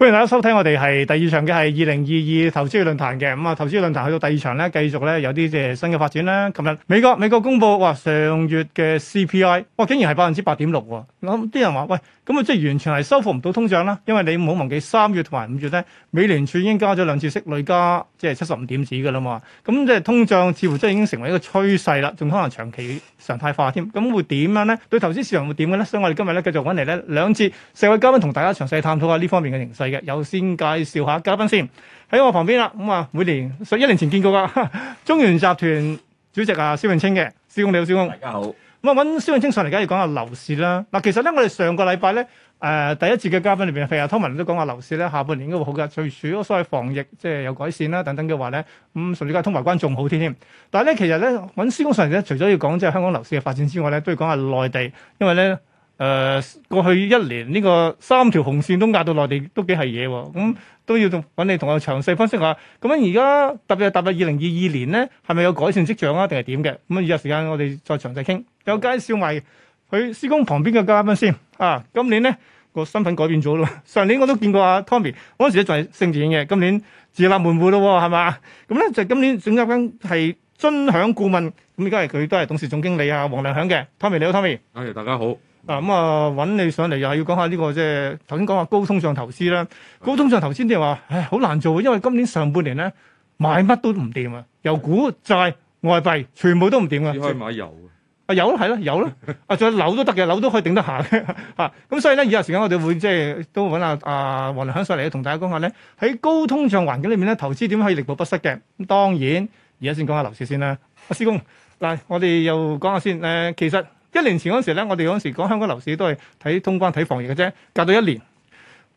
歡迎大家收聽我哋係第二場嘅係二零二二投資月論壇嘅咁啊！投資月論壇去到第二場咧，繼續咧有啲即係新嘅發展啦。琴日美國美國公布話，上月嘅 CPI 哇竟然係百分之八點六喎！啲人話喂，咁啊即係完全係收復唔到通脹啦，因為你唔好忘記三月同埋五月咧，美聯儲已經加咗兩次息率，加即係七十五點子噶啦嘛。咁即係通脹似乎真係已經成為一個趨勢啦，仲可能長期常態化添。咁會點樣咧？對投資市場會點嘅咧？所以我哋今日咧繼續揾嚟呢兩節，四位嘉賓同大家詳細探討下呢方面嘅形勢。有先介紹下嘉賓先，喺我旁邊啦，咁啊每年十一年前見過噶中原集團主席啊施永青嘅，施生你好，施生大家好。咁啊揾施永青上嚟，梗係要講下樓市啦。嗱，其實咧我哋上個禮拜咧誒第一節嘅嘉賓裏邊，譬如阿湯文都講下樓市咧，下半年應該會好嘅，隨住所謂防疫即係、就是、有改善啦等等嘅話咧，咁甚至加通關仲好啲添。但係咧其實咧揾施生上嚟咧，除咗要講即係香港樓市嘅發展之外咧，都要講下內地，因為咧。誒過去一年呢、這個三條紅線都壓到內地都幾係嘢喎，咁、嗯、都要揾你同我詳細分析下。咁樣而家特別係踏入二零二二年咧，係咪有改善跡象啊？定係點嘅？咁啊，有時間我哋再詳細傾。又介紹埋佢施生旁邊嘅嘉賓先。啊，今年咧個身份改變咗啦。上年我都見過阿 Tommy，嗰陣時仲係星展嘅，今年自立門戶咯、哦，係嘛？咁咧就今年轉嘉緊係臻享顧問。咁而家係佢都係董事總經理啊，王良享嘅。Tommy 你好，Tommy，歡迎大家好。啊咁啊，揾你上嚟又係要講下呢個即係頭先講下高通脹投資咧，高通脹頭先啲人話唉，好難做，因為今年上半年咧買乜都唔掂啊，由股債外幣全部都唔掂噶。只可以買油啊？啊有啦，係啦，有啦，啊仲有樓都得嘅，樓都可以頂得下嘅吓。咁所以咧，以下時間我哋會即係都揾阿阿王良享上嚟同大家講下咧，喺高通脹環境裏面咧，投資點可以力保不失嘅。咁當然而家先講下樓市先啦。阿施生，嗱我哋又講下先誒，其實。一年前嗰時咧，我哋嗰時講香港樓市都係睇通關睇防疫嘅啫，隔咗一年，誒、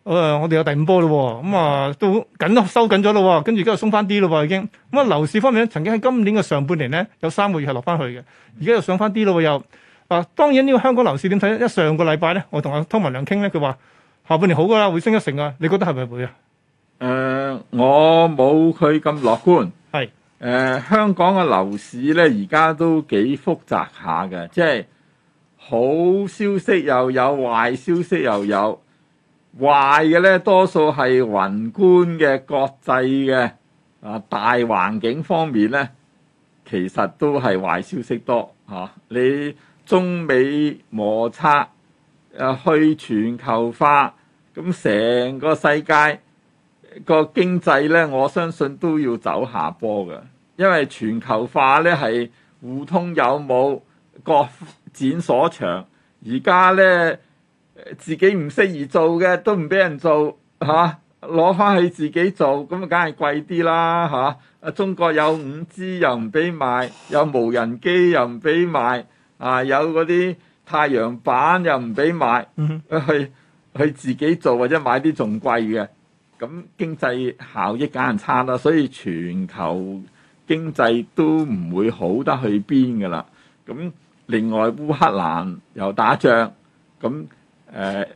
呃、我哋有第五波咯喎，咁、嗯、啊都緊收緊咗咯喎，跟住而家又鬆翻啲咯喎已經。咁啊樓市方面咧，曾經喺今年嘅上半年咧有三個月係落翻去嘅，而家又上翻啲咯喎又。啊、嗯嗯嗯、當然呢個香港樓市點睇？一上個禮拜咧，我同阿湯文亮傾咧，佢話下半年好噶啦，會升一成啊！你覺得係咪會啊？誒、呃、我冇佢咁樂觀，係誒是、呃、香港嘅樓市咧，而家都幾複雜下嘅，即係。好消息又有，壞消息又有。壞嘅呢，多數係宏觀嘅國際嘅啊，大環境方面呢，其實都係壞消息多、啊、你中美摩擦，去全球化，咁成個世界個經濟呢，我相信都要走下坡㗎，因為全球化呢，係互通有無。各展所長，而家咧自己唔適宜做嘅都唔俾人做嚇，攞、啊、翻去自己做咁啊，梗係貴啲啦嚇！啊，中國有五 G 又唔俾賣，有無人機又唔俾賣，啊，有嗰啲太陽板又唔俾賣， 去去自己做或者買啲仲貴嘅，咁經濟效益梗係差啦，所以全球經濟都唔會好得去邊噶啦，咁。另外，烏克蘭又打仗，咁誒、呃、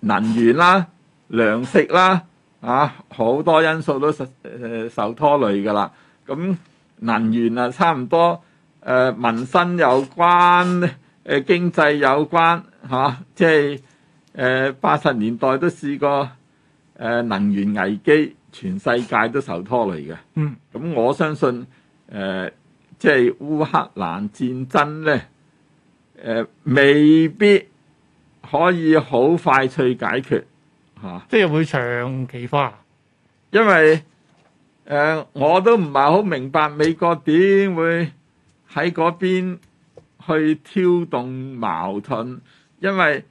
能源啦、糧食啦，啊好多因素都受、呃、受拖累嘅啦。咁能源啊，差唔多誒、呃、民生有關、誒、呃、經濟有關嚇、啊，即係誒八十年代都試過誒、呃、能源危機，全世界都受拖累嘅。嗯，咁我相信誒、呃即係烏克蘭戰爭咧，誒、呃，未必可以好快脆解決吓，即係會長期化。因為誒、呃，我都唔係好明白美國點會喺嗰邊去挑動矛盾，因為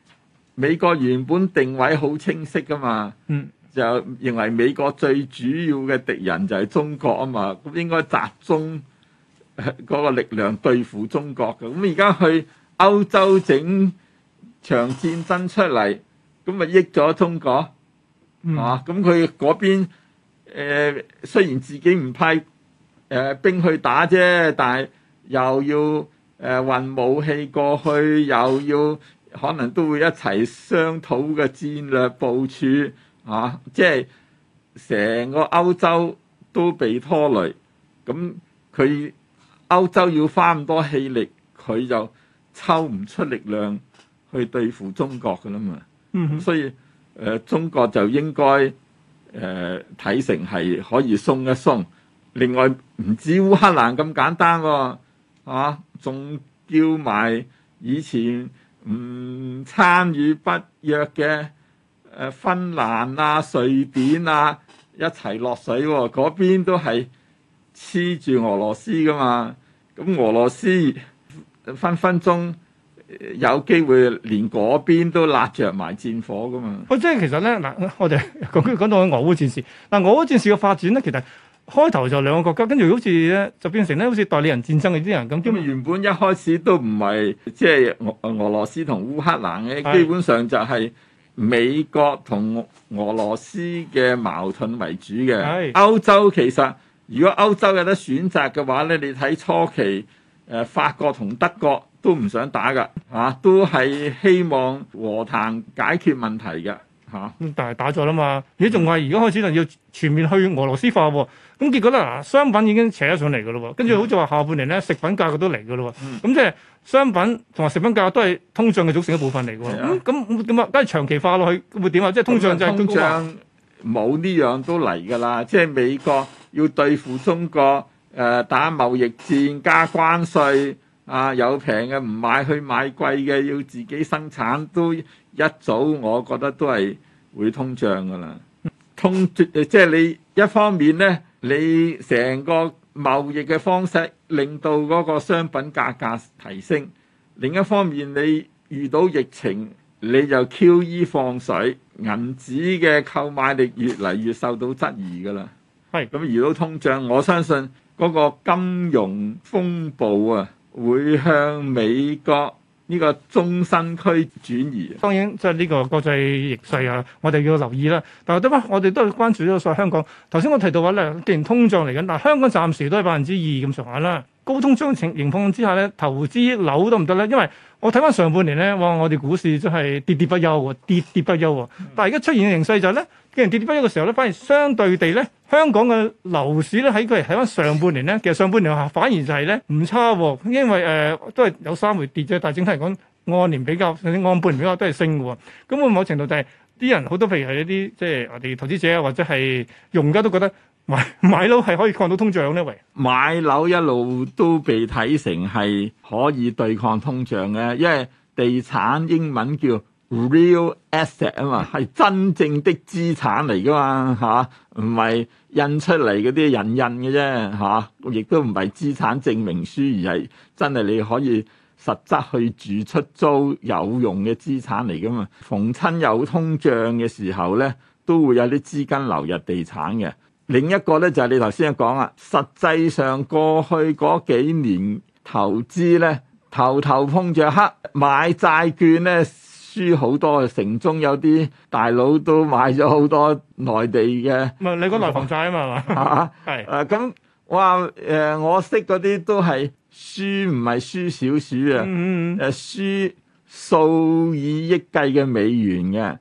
美國原本定位好清晰噶嘛，嗯、就認為美國最主要嘅敵人就係中國啊嘛，咁應該集中。嗰、呃那個力量對付中國嘅，咁而家去歐洲整場戰爭出嚟，咁咪益咗中國嚇？咁佢嗰邊誒、呃、雖然自己唔派誒、呃、兵去打啫，但係又要誒、呃、運武器過去，又要可能都會一齊商討嘅戰略部署嚇、啊，即係成個歐洲都被拖累，咁佢。歐洲要花咁多氣力，佢就抽唔出力量去對付中國噶啦嘛。嗯、哼所以誒、呃，中國就應該誒睇成係可以鬆一鬆。另外唔止烏克蘭咁簡單、哦，係、啊、仲叫埋以前唔參與北約嘅芬蘭啊、瑞典啊一齊落水、哦，嗰邊都係黐住俄羅斯噶嘛。咁俄羅斯分分鐘有機會連嗰邊都立着埋戰火㗎嘛？喂，即係其實咧嗱，我哋講講到俄烏戰事，嗱俄烏戰事嘅發展咧，其實開頭就兩個國家，跟住好似咧就變成咧好似代理人戰爭嘅啲人咁。咁啊，原本一開始都唔係即係俄俄羅斯同烏克蘭嘅，基本上就係美國同俄羅斯嘅矛盾為主嘅。歐洲其實。如果歐洲有得選擇嘅話咧，你睇初期，誒、呃、法國同德國都唔想打㗎，嚇、啊、都係希望和談解決問題㗎，嚇、啊。但係打咗啦嘛，你仲話而家開始就要全面去俄羅斯化喎、啊？咁結果咧，商品已經扯咗上嚟㗎咯喎，跟住好似話下半年咧食品價格都嚟㗎咯喎，咁即係商品同埋食品價格都係通脹嘅組成一部分嚟㗎喎。咁咁啊？梗係、嗯、長期化落去會點啊？即係通脹就通，通脹冇呢樣都嚟㗎啦，即係美國。要對付中國，呃、打貿易戰加關稅，啊，有平嘅唔買去買貴嘅，要自己生產都一早，我覺得都係會通脹㗎啦。通即係你一方面呢，你成個貿易嘅方式令到嗰個商品價格提升；另一方面，你遇到疫情你就 QE 放水，銀紙嘅購買力越嚟越受到質疑㗎啦。係咁，遇到通脹，我相信嗰個金融風暴啊，會向美國呢個中心區轉移。當然，即係呢個國際形勢啊，我哋要留意啦。但係，得翻我哋都係關注呢個所謂香港。頭先我提到話咧，既然通脹嚟緊，但香港暫時都係百分之二咁上下啦。高通脹情形況之下咧，投資樓得唔得呢？因為我睇翻上半年咧，哇！我哋股市真係跌跌不休喎，跌跌不休喎。但係而家出現嘅形勢就係咧。其實跌跌不休嘅時候咧，反而相對地咧，香港嘅樓市咧喺佢喺翻上半年咧，其實上半年嚇反而就係咧，唔差喎，因為誒都係有三回跌啫，但係整體嚟講，按年比較甚至按半年比較都係升嘅喎。咁有某程度就係啲人好多，譬如係一啲即係我哋投資者啊，或者係用家都覺得買買樓係可以抗到通脹咧？喂，買樓一路都被睇成係可以對抗通脹嘅，因為地產英文叫。Real asset，啊嘛，係真正的資產嚟噶嘛吓，唔係印出嚟嗰啲人印嘅啫吓，亦都唔係資產證明書，而係真係你可以實質去住出租有用嘅資產嚟噶嘛。逢親有通脹嘅時候咧，都會有啲資金流入地產嘅。另一個咧就係你頭先講啦，實際上過去嗰幾年投資咧頭頭碰着黑買債券咧。輸好多啊！城中有啲大佬都買咗好多內地嘅，唔係你講內房債啊嘛，係 是 啊咁，哇！誒、呃，我識嗰啲都係輸唔係輸少少啊，誒、呃，輸數以億計嘅美元嘅。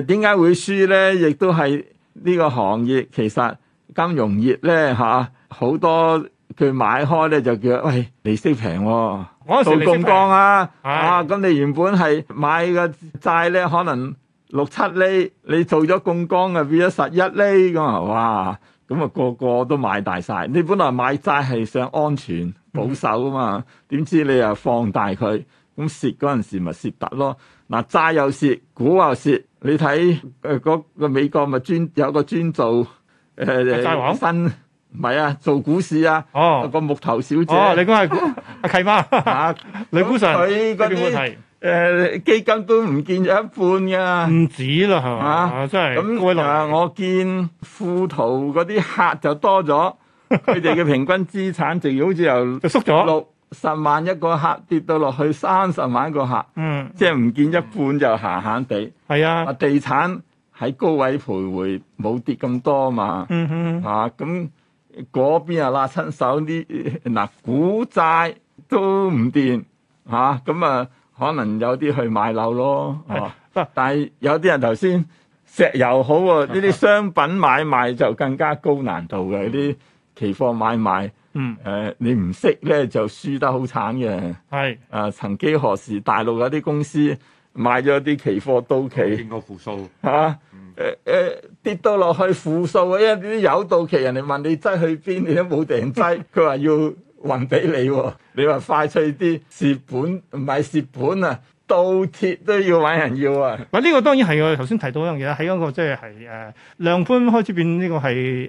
誒點解會輸咧？亦都係呢個行業其實金融業咧嚇好多佢買開咧就叫，喂，利息平喎。做槓桿啊！的啊，咁你原本係買個債咧，可能六七厘，你做咗槓桿啊，變咗十一厘咁啊！哇，咁、那、啊，個個都買大晒。你本來買債係想安全保守啊嘛，點 知你又放大佢，咁蝕嗰陣時咪蝕突咯？嗱、啊，債又蝕，股又蝕，你睇誒個美國咪專有個專做誒債、呃、王。新唔係啊，做股市啊，個木頭小姐，哦，你講係阿契媽啊，李股神，佢嗰啲誒基金都唔見咗一半噶，唔止啦，係嘛，啊真係，咁我見富途嗰啲客就多咗，佢哋嘅平均資產淨值好似由縮咗六十萬一個客跌到落去三十萬一個客，嗯，即係唔見一半就閒閒地，係啊，地產喺高位徘徊，冇跌咁多嘛，嗯哼，吓咁。嗰邊呀，拉親手啲嗱，股債都唔掂吓，咁啊可能有啲去買樓咯。但係有啲人頭先石油好喎，呢啲商品買賣就更加高難度嘅啲期貨買賣。嗯，誒你唔識咧就輸得好慘嘅。係，曾幾何時大陸有啲公司買咗啲期貨到期。見過負數吓？誒誒。跌到落去負數啊！因為啲有到期人哋問你擠去邊，你都冇地擠。佢話 要還俾你喎，你話快脆啲，蝕本唔係蝕本啊，倒貼都要搵人要啊！嗱，呢個當然係我哋頭先提到一樣嘢啦，喺嗰個即係係誒量寬開始變呢個係誒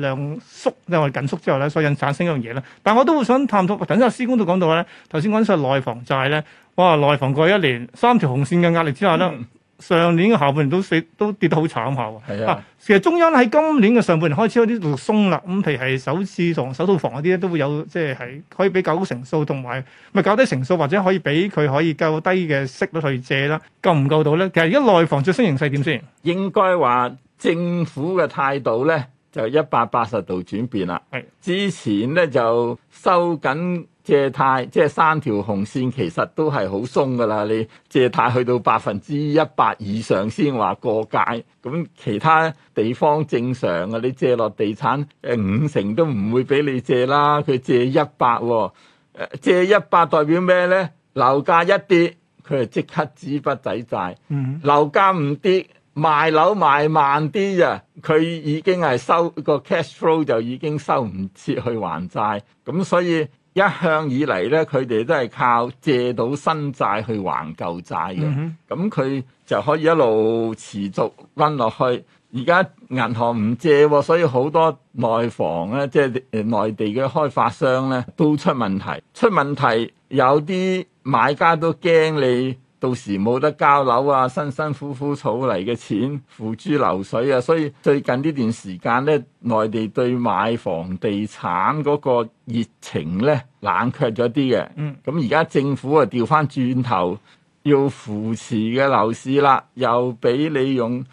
量縮即係緊縮之後咧，所以引產生一樣嘢咧。但係我都會想探討，等陣施工都講到咧。頭先講咗內房債咧，哇！內房過去一年三條紅線嘅壓力之下咧。嗯上年嘅下半年都跌都跌得好慘下喎，啊，啊，其實中央喺今年嘅上半年開始有啲度鬆啦，咁譬如係首次同首套房嗰啲咧都會有，即係係可以俾九成數，同埋咪搞低成數，或者可以俾佢可以夠低嘅息率去借啦，夠唔夠到咧？其實而家內房最新形勢點先？應該話政府嘅態度咧就一百八十度轉變啦，是之前咧就收緊。借貸，即係三條紅線，其實都係好鬆噶啦。你借貸去到百分之一百以上先話過界，咁其他地方正常嘅，啊，你借落地產誒、呃、五成都唔會俾你借啦。佢借一百，哦呃，借一百代表咩呢？樓價一跌，佢係即刻止不抵債。樓價唔跌，賣樓賣慢啲啊，佢已經係收個 cash flow 就已經收唔切去還債，咁所以。一向以嚟咧，佢哋都係靠借到新債去還舊債嘅。咁佢，嗯哼，就可以一路持續温落去。而家銀行唔借，所以好多內房咧，即係內地嘅開發商咧都出問題。出問題有啲買家都驚你。到時冇得交樓啊，辛辛苦苦儲嚟嘅錢付諸流水啊，所以最近呢段時間咧，內地對買房地產嗰個熱情咧冷卻咗啲嘅。嗯，咁而家政府啊調翻轉頭要扶持嘅樓市啦，又俾你用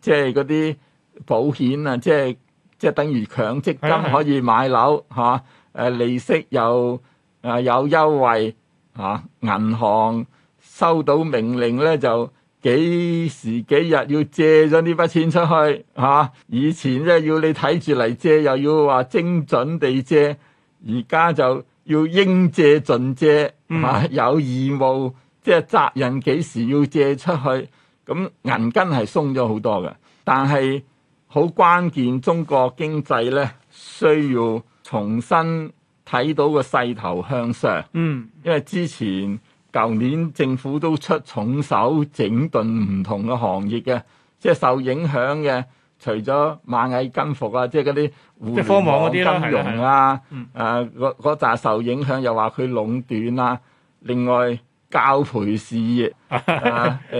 即係嗰啲保險啊，即係即係等於強積金可以買樓嚇，誒是、啊、利息又誒、啊、有優惠嚇、啊，銀行。收到命令呢，就幾時幾日要借咗呢筆錢出去、啊、以前呢，要你睇住嚟借，又要話精準地借，而家就要應借盡借、啊、有義務即係責任幾時要借出去？咁銀根係鬆咗好多嘅，但係好關鍵，中國經濟呢需要重新睇到個勢頭向上，因為之前。舊年政府都出重手整頓唔同嘅行業嘅，即係受影響嘅，除咗螞蟻金服啊，即係嗰啲互聯網金融啊，嗰嗰扎受影響，又話佢壟斷啊。另外教培事業，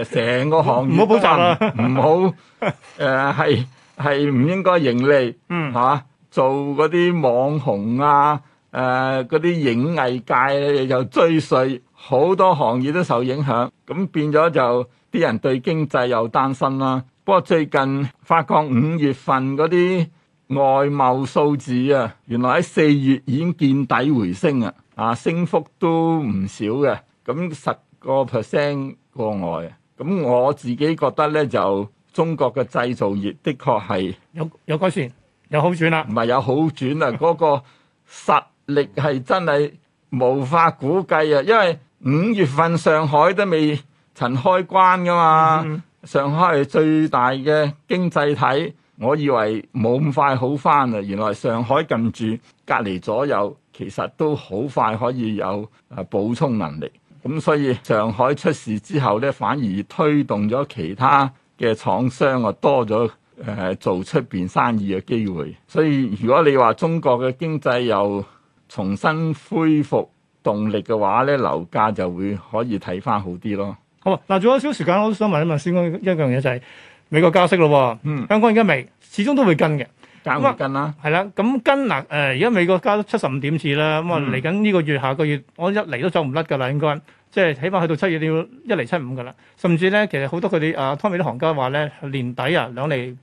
成個行業唔好補習唔好係係唔應該盈利、嗯啊、做嗰啲網紅啊，嗰、啊、啲影藝界又追稅。好多行業都受影響，咁變咗就啲人對經濟又擔心啦。不過最近發覺五月份嗰啲外貿數字啊，原來喺四月已經見底回升啊，啊升幅都唔少嘅。咁十個 percent 過外，咁我自己覺得咧就中國嘅製造業的確係有有改善，有好轉啦。唔係有好轉啦，嗰 個實力係真係無法估計啊，因為五月份上海都未曾開關噶嘛。嗯、上海係最大嘅經濟體，我以為冇咁快好返啊，原來上海近住隔離左右，其實都好快可以有啊補充能力。咁所以上海出事之後呢，反而推動咗其他嘅廠商啊多咗、呃、做出邊生意嘅機會。所以如果你話中國嘅經濟又重新恢復動力嘅話咧，樓價就會可以睇返好啲咯。好嘛，嗱，仲有少少時間，我都想問一問先。我一樣嘢就係美國加息咯。嗯，香港而家未，始終都會跟嘅。咁、嗯、啊，嗯、跟啦，係、呃、啦。咁跟嗱，誒，而家美國加七十五點次啦。咁、嗯、啊，嚟緊呢個月、下個月，我一嚟都走唔甩噶啦。應該即係起碼去到七月都要一嚟七五噶啦。甚至咧，其實好多佢哋啊，湯米啲行家話咧，年底啊，兩嚟。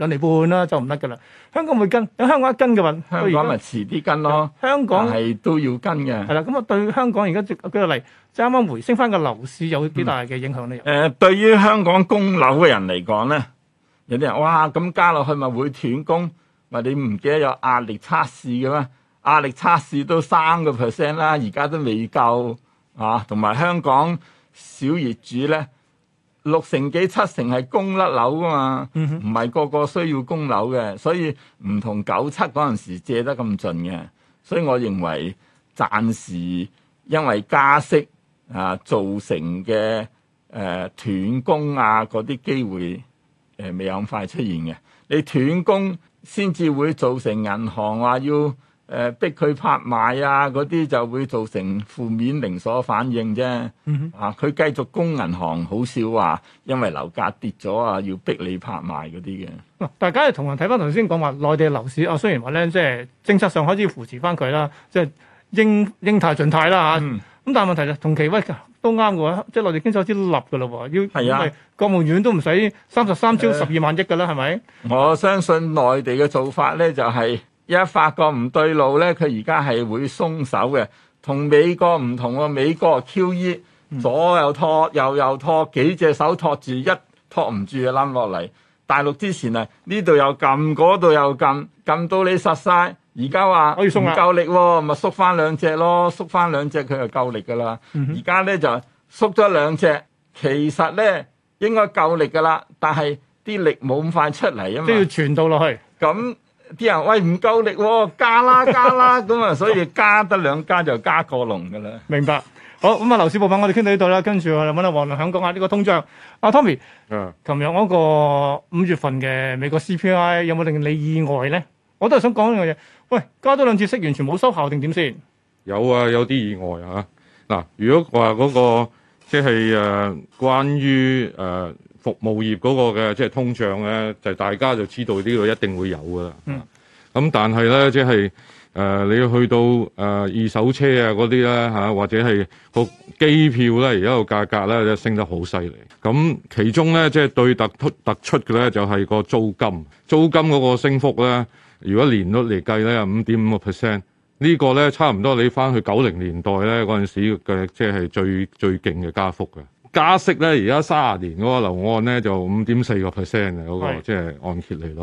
兩年半啦，就唔得噶啦！香港會跟，有香港一跟嘅話，香港咪遲啲跟咯。香港係都要跟嘅。係啦，咁啊對香港而家，舉個例，即係啱啱回升翻個樓市有幾大嘅影響咧？誒，對於香港供樓嘅人嚟講咧，有啲人哇，咁加落去咪會斷供？話你唔記得有壓力測試嘅咩？壓力測試都三個 percent 啦，而家都未夠啊！同埋香港小業主咧。六成幾七成係供甩樓噶嘛，唔係、嗯、哼個個需要供樓嘅，所以唔同九七嗰陣時候借得咁盡嘅，所以我認為暫時因為加息啊造成嘅誒斷供啊嗰啲機會誒、啊、未有咁快出現嘅，你斷供先至會造成銀行話、啊、要。誒逼佢拍賣啊！嗰啲就會造成負面連鎖反應啫。嗯、哼啊，佢繼續供銀行好少話，因為樓價跌咗啊，要逼你拍賣嗰啲嘅。大家同人睇翻頭先講話，內地樓市啊，雖然話咧即係政策上開始扶持翻佢啦，即係應英泰盡泰啦嚇。咁但係問題就同期威都啱嘅話，即係內地經濟之立㗎咯喎，要、啊、因為國務院都唔使三十三招十二萬億㗎啦，係咪、呃？吧我相信內地嘅做法咧，就係、是。一發覺唔對路咧，佢而家係會鬆手嘅，同美國唔同喎。美國 QE 左右托，右右托，幾隻手托住一托唔住就冧落嚟。大陸之前啊，呢度又撳嗰度又撳，撳到你實晒。而家話唔夠力喎，咪縮翻兩隻咯，縮翻兩隻佢就夠力噶啦。而家咧就縮咗兩隻，其實咧應該夠力噶啦，但係啲力冇咁快出嚟啊嘛，都要傳到落去咁。啲人喂唔夠力喎，加啦加啦咁啊，所以加得兩加就加過龍噶啦。明白，好咁啊，樓、嗯、市部分我哋傾到呢度啦，跟住我哋問阿王良享講下呢個通脹。阿、啊、Tommy，嗯、啊，琴日嗰個五月份嘅美國 CPI 有冇令你意外咧？我都係想講一樣嘢，喂，加多兩次息完全冇收效定點先？有啊，有啲意外啊。嗱、啊，如果話嗰、那個即係誒，關於誒。呃服務業嗰個嘅即係通脹咧，就是、大家就知道呢個一定會有噶啦。咁、嗯、但係咧，即係誒你要去到誒、呃、二手車啊嗰啲咧嚇，或者係個機票咧而家個價格咧就升得好犀利。咁其中咧即係對突突出嘅咧就係、是、個租金，租金嗰個升幅咧，如果年率嚟計咧係五點五個 percent。呢個咧差唔多你翻去九零年代咧嗰陣時嘅即係最最勁嘅加幅嘅。加息咧，而家卅年嗰個樓按咧就五點四個 percent 嘅嗰個即係按揭利率。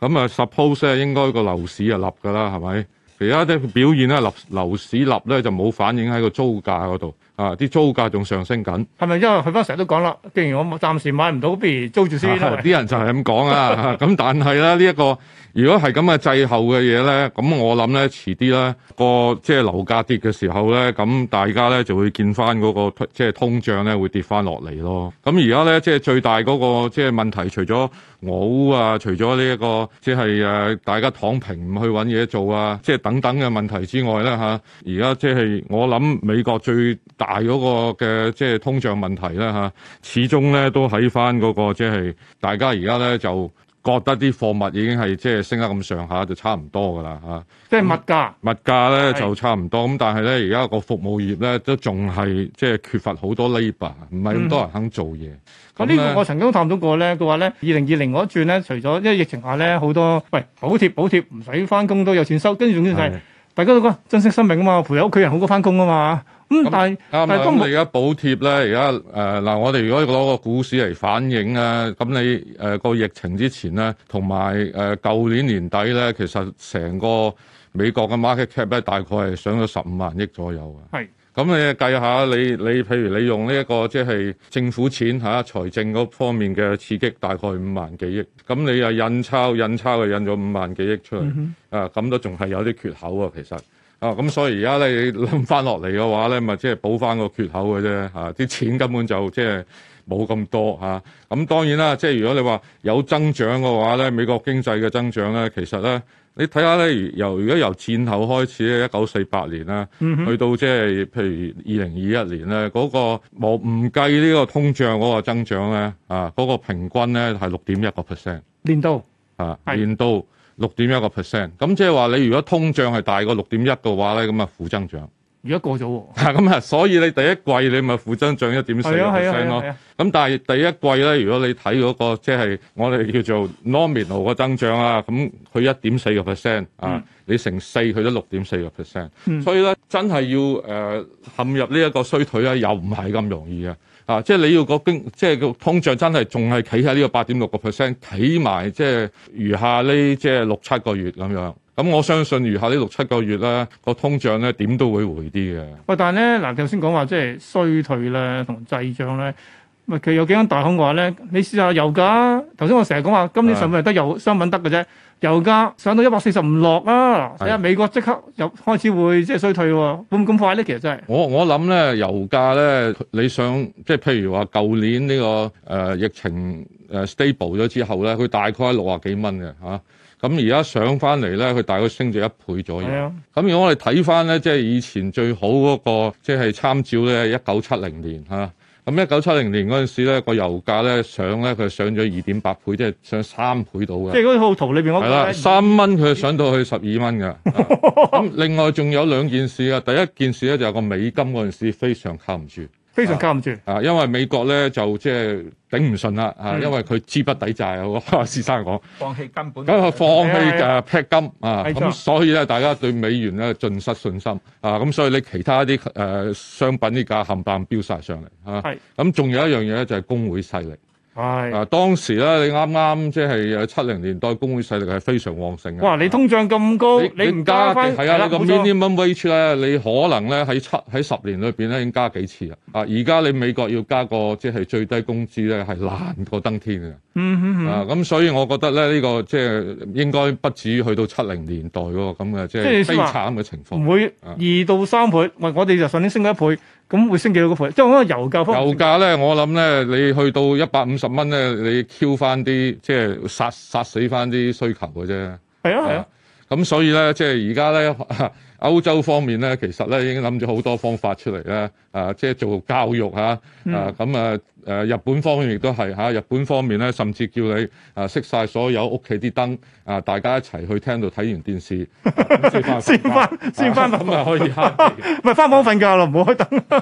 咁啊，suppose 咧應該個樓市啊立噶啦，係咪？而家啲表現咧，樓樓市立咧就冇反映喺個租價嗰度啊，啲租價仲上升緊。係咪因為佢嗰成日都講啦？既然我暫時買唔到，不如租住先啲 人就係咁講啊！咁但係啦，呢一個。如果係咁嘅滯後嘅嘢咧，咁我諗咧遲啲咧個即係樓價跌嘅時候咧，咁大家咧就會見翻嗰個即係通脹咧會跌翻落嚟咯。咁而家咧即係最大嗰個即係問題，除咗我啊，除咗呢一個即係誒大家躺平唔去揾嘢做啊，即係等等嘅問題之外咧嚇，而家即係我諗美國最大嗰個嘅即係通脹問題咧嚇，始終咧都喺翻嗰個即係大家而家咧就。覺得啲貨物已經係即係升得咁上下，就差唔多噶啦嚇。即係物價，物價咧就差唔多。咁是但係咧，而家個服務業咧都仲係即係缺乏好多 labour 唔係咁多人肯做嘢。咁呢、嗯、樣個我曾經探到過咧，佢話咧，二零二零嗰轉咧，除咗因為疫情下咧好多，喂補貼補貼，唔使翻工都有錢收，跟住總之就係。大家都講珍惜生命啊嘛，陪下屋企人好過翻工啊嘛。咁、嗯嗯、但係是，係都你而家補貼咧，而家誒嗱，我哋如果攞個股市嚟反映咧、啊，咁你誒個、呃、疫情之前咧，同埋誒舊年年底咧，其實成個美國嘅 market cap 咧，大概係上咗十五萬億左右啊。咁你計下，你你譬如你用呢一個即係政府錢嚇財政嗰方面嘅刺激，大概五萬幾億。咁你又印鈔，印鈔就印咗五萬幾億出嚟。啊，咁都仲係有啲缺口啊，其實。啊，咁所以而家你諗翻落嚟嘅話咧，咪即係補翻個缺口嘅啫。嚇，啲錢根本就即係冇咁多嚇。咁當然啦，即係如果你話有增長嘅話咧，美國經濟嘅增長咧，其實咧。你睇下咧，由如果由戰後開始咧，一九四八年啦，嗯、哼去到即係譬如二零二一年咧，嗰個冇唔計呢個通脹嗰個增長咧，啊嗰個平均咧係六點一個 percent，年度啊，年度六點一個 percent，咁即係話你如果通脹係大過六點一嘅話咧，咁啊負增長。如果過咗喎、啊，咁啊，所以你第一季你咪負增長一點四個 percent 咯。咁但係第一季咧，如果你睇嗰、那個即係、就是、我哋叫做 nominal 個增長啊，咁佢一點四個 percent 啊，嗯、你乘四去咗六點四個 percent。嗯、所以咧，真係要誒陷入呢一個衰退啊，又唔係咁容易嘅啊！即、啊、係、就是、你要、那個經，即、就、係、是、個通脹真係仲係企喺呢個八點六個 percent，企埋即係餘下呢即係六七個月咁樣。咁我相信，餘下呢六七個月咧，個通脹咧點都會回啲嘅。喂，但係咧嗱，頭先講話即係衰退咧，同滯脹咧，咪其實有幾間大行話咧，你試下油價。頭先我成日講話今年上邊得油的商品得嘅啫，油價上到一百四十唔落啊！下的美國即刻又開始會即係衰退喎，會唔會咁快咧？其實真係我我諗咧，油價咧，你想即係譬如話舊年呢、呢個誒、呃、疫情 stable 咗之後咧，佢大概六啊幾蚊嘅咁而家上返嚟呢，佢大概升咗一倍左右。咁的如果我哋睇返呢，即係以前最好嗰個，即係參照呢，一九七零年。咁一九七零年嗰陣時呢，個油價呢，上呢，佢上咗二點八倍，即係上三倍到嘅。即係嗰套圖裏邊，我係啦，三蚊佢上到去十二蚊㗎。咁 另外仲有兩件事呀，第一件事呢，就係個美金嗰陣時非常靠唔住。非常靠唔住啊！因為美國咧就即係頂唔順啦啊！嗯、因為佢資不抵債，我先生講放棄根本咁、就、啊、是、放棄誒、啊欸欸、劈金、欸、啊咁錯、啊，所以咧大家對美元咧盡失信心啊！咁所以你其他啲誒、呃、商品啲價冚唪唥飆曬上嚟啊！咁仲是有一樣嘢咧就係工會勢力。係嗱，是當時咧，你啱啱即係有七零年代工會勢力係非常旺盛嘅。哇！你通脹咁高，你唔加翻？係啊，呢個 minimum wage 咧，你可能咧喺七喺十年裏邊咧已經加幾次啦。啊！而家你美國要加個即係最低工資咧，係難過登天嘅、嗯。嗯嗯嗯。啊，咁所以我覺得咧，呢個即係應該不至於去到七零年代嗰個咁嘅即係悲慘嘅情況。唔會二到三倍，啊、我我哋就上年升咗一倍。咁會升幾多個 percent？即係我覺得油價方面，油價咧，我諗咧，你去到一百五十蚊咧，你挑翻啲，即係殺，殺死翻啲需求嘅啫。係啊，係啊。咁、啊、所以咧，即係而家咧。 歐洲方面咧，其實咧已經諗咗好多方法出嚟咧，啊，即係做教育啊，咁啊，啊，日本方面亦都係日本方面咧，甚至叫你啊熄晒所有屋企啲燈，啊大家一齊去廳度睇完電視，啊、先翻先翻咁啊 可以，唔係翻房瞓覺咯，唔好開燈。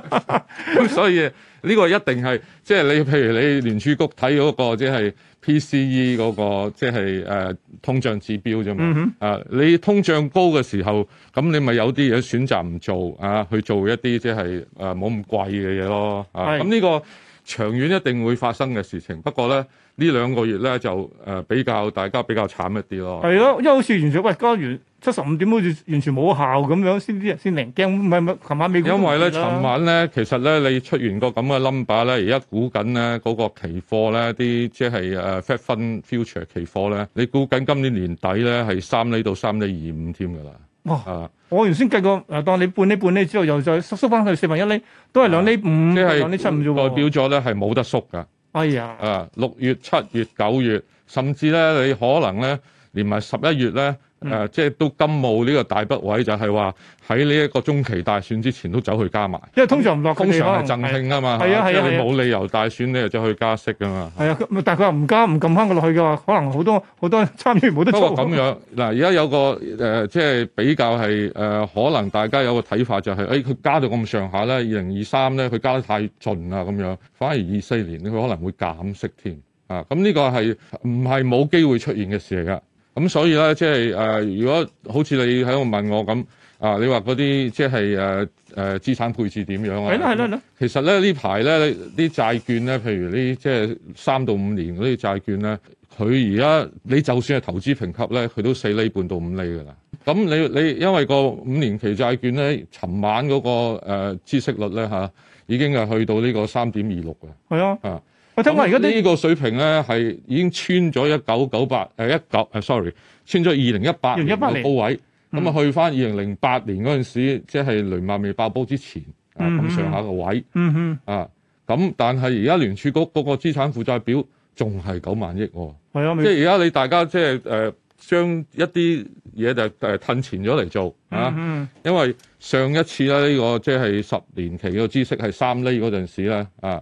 咁 所以呢、呢個一定係，即係你譬如你聯儲局睇嗰、嗰個即係。PCE 嗰、那個即係、就是啊、通脹指標啫嘛，mm hmm. 啊你通脹高嘅時候，咁你咪有啲嘢選擇唔做啊，去做一啲即係冇咁貴嘅嘢咯。咁呢、mm hmm. 啊、個長遠一定會發生嘅事情，不過咧呢兩個月咧就比較大家比較慘一啲咯。係咯，因為好似原先喂加完。七十五點好似完全冇效咁樣，先啲先零驚。唔係琴晚美國因為咧，琴晚咧，其實咧，你出完個咁嘅 number 咧，而家估緊咧嗰個期貨咧，啲即係誒 Fed fund future 期貨咧，你估緊今年年底咧係三厘到三厘二五添㗎啦。哇、哦！啊、我原先計過，誒，當你半厘半厘之後，又再縮縮翻去四分一厘，都係兩厘五兩、啊、厘七五、啊、代表咗咧係冇得縮㗎。哎呀！啊，六月、七月、九月，甚至咧，你可能咧，連埋十一月咧。誒，即係、嗯、都金茂呢個大筆位就係話喺呢一個中期大選之前都走去加埋，因為通常唔落，通常係贈慶㗎嘛，係啊係啊，即係你冇理由大選你就走去加息噶嘛。係啊，但係佢話唔加唔撳翻佢落去㗎話，可能好多好多參與冇得做。不過咁樣嗱，而家有個誒，即、呃、係、就是、比較係誒、呃，可能大家有個睇法就係、是，誒、欸、佢加到咁上下咧，二零二三咧佢加得太盡啦，咁樣反而二四年呢，佢可能會減息添啊。咁、嗯、呢、這個係唔係冇機會出現嘅事嚟噶？咁、嗯、所以咧，即係誒，如、呃、果好似你喺度問我咁，啊，你話嗰啲即係誒誒資產配置點樣啊？係咯係咯係咯。嗯、其實咧呢排咧啲債券咧，譬如呢，即係三到五年嗰啲債券咧，佢而家你就算係投資評級咧，佢都四厘半到五厘㗎啦。咁你你因為個五年期債券咧，尋晚嗰、嗰個孳、呃、息率咧嚇、啊、已經係去到呢個三點二六㗎。係的啊。因啊！而家呢個水平咧，係已經穿咗一九九八誒一九誒，sorry，穿咗二零一八年嘅高位，咁啊、mm hmm. 去翻二零零八年嗰陣時，即、就、係、是、雷曼未爆煲之前、mm hmm. 啊咁上下嘅位，嗯哼、mm hmm. 啊，咁但係而家聯儲局嗰個資產負債表仲係九萬億喎、啊的就是，啊，即係而家你大家即係誒將一啲嘢就誒褪前咗嚟做、mm hmm. 啊，因為上一次咧呢、呢個即係十年期嘅孳息係三厘嗰陣時咧啊。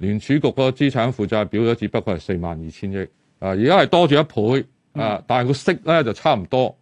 聯儲局個資產負債表咗，只不過係四萬二千億啊！而家係多咗一倍啊，但係個息咧就差唔多，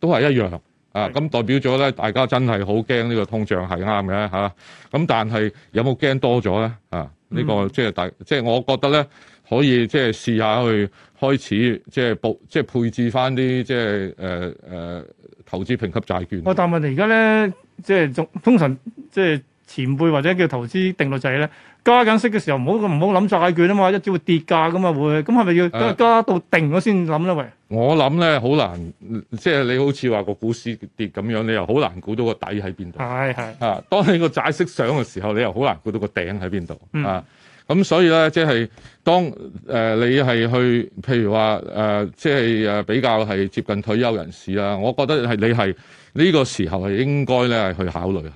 都係一樣啊。咁代表咗咧，大家真係好驚呢個通脹係啱嘅嚇。咁但係有冇驚多咗咧啊？呢個即係大即係我覺得咧，可以即係試下去開始即係佈即係配置翻啲即係誒投資評級債券。喂，但問題而家咧，即係通常即係前輩或者叫投資定律制呢。咧。加緊息嘅時候唔好唔好諗債券啊嘛，一朝會跌價噶嘛會，咁係咪要加、呃、加到定咗先諗咧？喂，我諗咧好難，即係你好似話個股市跌咁樣，你又好難估到個底喺邊度。係係係係啊，係係當你個債息上嘅時候，你又好難估到個頂喺邊度啊。咁、嗯啊、所以咧，即係當誒、呃、你係去，譬如話誒、呃，即係誒比較係接近退休人士啦，我覺得係你係呢、呢個時候係應該咧去考慮一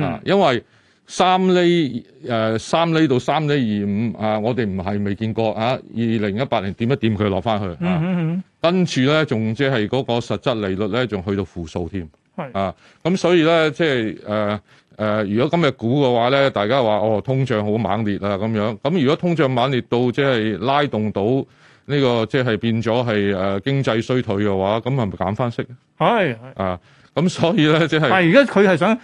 下啊，因為。三厘，誒、呃，三厘到三厘二五啊！我哋唔係未見過啊，二零一八年點一點佢落翻去啊！跟住咧，仲即係嗰個實質利率咧，仲去到負數添。啊，咁是、啊、所以咧，即係誒誒，如果今日估嘅話咧，大家話哦，通脹好猛烈啊咁樣。咁如果通脹猛烈到即係拉動到呢個即係變咗係誒經濟衰退嘅話，咁係咪減翻息？係是啊，咁所以咧，即、就、係、是。但係而家佢係想。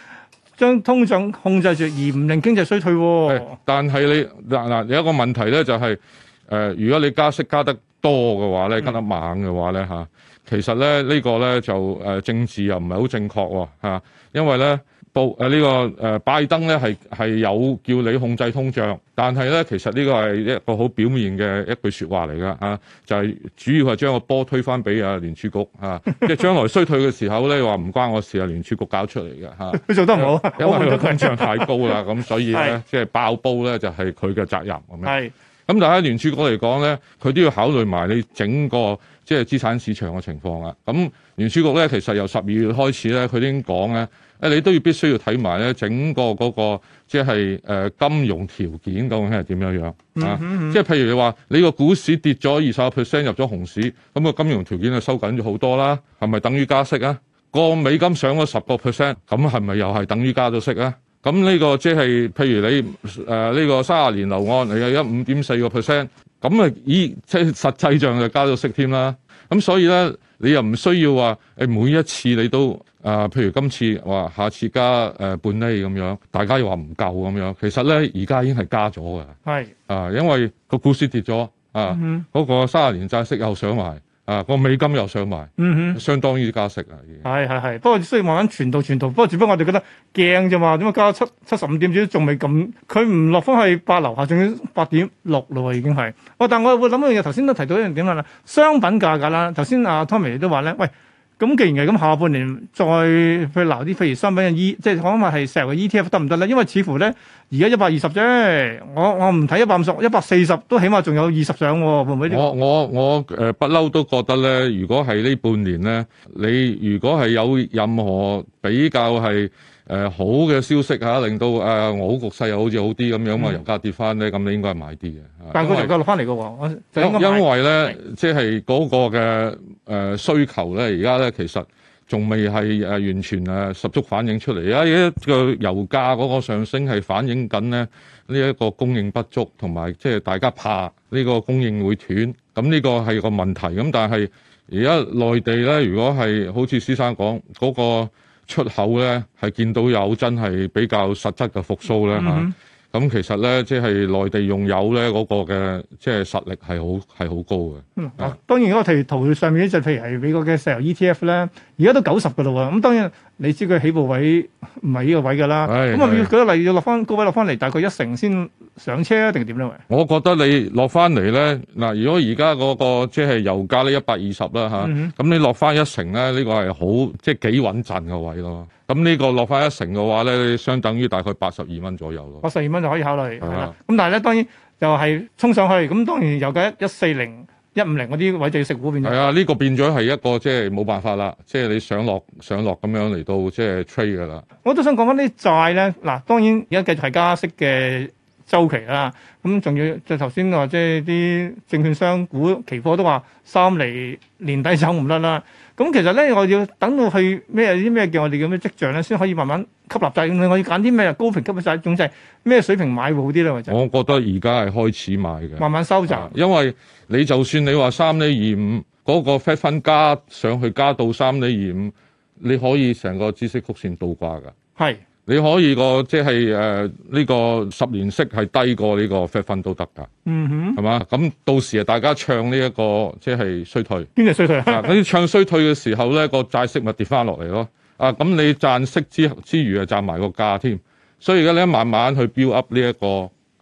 將通脹控制住，而唔令經濟衰退喎、啊。但係你嗱嗱，有一個問題咧、就係，就、呃、係如果你加息加得多嘅話咧，加得猛嘅話咧、嗯啊、其實咧呢、呢個咧就、呃、政治又唔係好正確喎、啊啊、因為咧。報誒呢個誒拜登咧，係係有叫你控制通脹，但係咧其實呢個係一個好表面嘅一句說話嚟噶吓，就係、是、主要係將個波推返俾啊聯儲局吓，即係 將來衰退嘅時候咧話唔關我事啊，聯儲局搞出嚟嘅吓。佢 做得唔好，因為個通脹太高啦，咁 所以咧即係爆煲咧就係佢嘅責任咁樣。係咁 是但係聯儲局嚟講咧，佢都要考慮埋你整個即係資產市場嘅情況啊。咁聯儲局咧其實由十二月開始咧，佢已經講咧。你都要必須要睇埋咧，整個嗰個即係誒金融條件究竟係點樣樣啊、mm？即、hmm。係譬如你話，你個股市跌咗二十個 percent 入咗熊市，咁個金融條件就收緊咗好多啦。係咪等於加息啊？個美金上咗十個 percent，咁係咪又係等於加咗息啊？咁呢個即係譬如你誒呢、呢個三十年樓按你有一五點四個 percent，咁啊，咪即係實際上就加咗息添啦。咁所以咧，你又唔需要話誒每一次你都。啊，譬如今次話下次加誒、呃、半厘咁樣，大家又話唔夠咁樣。其實咧，而家已經係加咗嘅。係是啊，因為個股市跌咗啊，嗰、嗯哼啊嗰個三十年債息又上埋啊，個美金又上埋，嗯、哼相當於加息已啊。係係係，不過需要話緊傳導傳導，不過只不過我哋覺得驚咋嘛，7，點解加七七十五點仲未咁？佢唔落返去八樓下，仲要八點六嘞喎，已經係。我、哦、但我會諗一樣嘢，頭先都提到一樣點啦，商品價格啦。頭先阿 Tommy 都話咧，喂。咁既然係咁，下半年再去撈啲譬如新品嘅 E，即係可能係成個 ETF 得唔得咧？因為似乎咧而家一百二十啫，我我唔睇一百五十、一百四十，都起碼仲有二十上喎，會唔會？我我我誒不嬲都覺得咧，如果係呢半年咧，你如果係有任何比較係。誒、呃、好嘅消息、啊、令到誒、呃、俄國局勢又好似好啲咁樣嘛，嗯嗯、油價跌翻咧，咁你應該係買啲嘅。但佢個油價落翻嚟嘅喎，就因為咧，即係嗰個嘅誒、呃、需求咧，而家咧其實仲未係誒完全誒、啊、十足反映出嚟。而家一個油價嗰個上升係反映緊咧呢一、這個供應不足，同埋即係大家怕呢個供應會斷，咁呢個係個問題。咁但係而家內地咧，如果係好似施生講嗰、那個。出口咧係見到有真係比較實質嘅復甦咧吓、mm hmm. 咁其實咧，即係內地用油咧，嗰個嘅即係實力係好係好高嘅。嗯、啊，當然我睇圖上面呢就譬如係美國嘅石油 ETF 咧，而家都九十嘅啦喎。咁當然你知佢起步位唔係呢個位㗎啦。咁啊、哎呀，要舉個例，要落翻高位落翻嚟，大概一成先上車啊，定點呢？我覺得你落翻嚟咧，嗱，如果而家嗰個即係油價呢一百二十啦吓，咁你落翻一成咧，呢、呢個係好即係幾穩陣嘅位咯。咁呢個落翻一成嘅話咧，相等於大概八十二蚊左右咯。八十二蚊就可以考慮係啦。咁、啊啊、但係咧，當然就係衝上去。咁當然由緊一四零、一五零嗰啲位就要食股變咗。係啊，呢、呢個變咗係一個即係冇辦法啦，即、就、係、係、你想落想落咁樣嚟到即係 trade 㗎啦。我都想講翻啲債咧，嗱當然而家繼續係加息嘅。週期啦，咁仲要就頭先話，即係啲證券商股期貨都話三厘，年底走唔甩啦。咁其實咧，我要等到去咩啲咩叫我哋叫咩跡象咧，先可以慢慢吸納債。我要揀啲咩高評級嘅債，總之咩水平買會好啲咧？我覺得而家係開始買嘅，慢慢收集。因為你就算你話三厘二五嗰個 Fed fund 加上去加到三厘二五，你可以成個孳息曲線倒掛㗎。係。你可以即是、呃這個即係誒呢個十年息係低過呢個 inflation 都得㗎。嗯哼、mm，係、hmm. 嘛？咁到時啊，大家唱呢、這、一個即係衰退，邊隻衰退 啊？等你唱衰退嘅時候咧，個債息咪跌翻落嚟咯。啊，咁你賺息之之餘啊，賺埋個價添。所以而家你一慢慢去 build up 呢、這、一個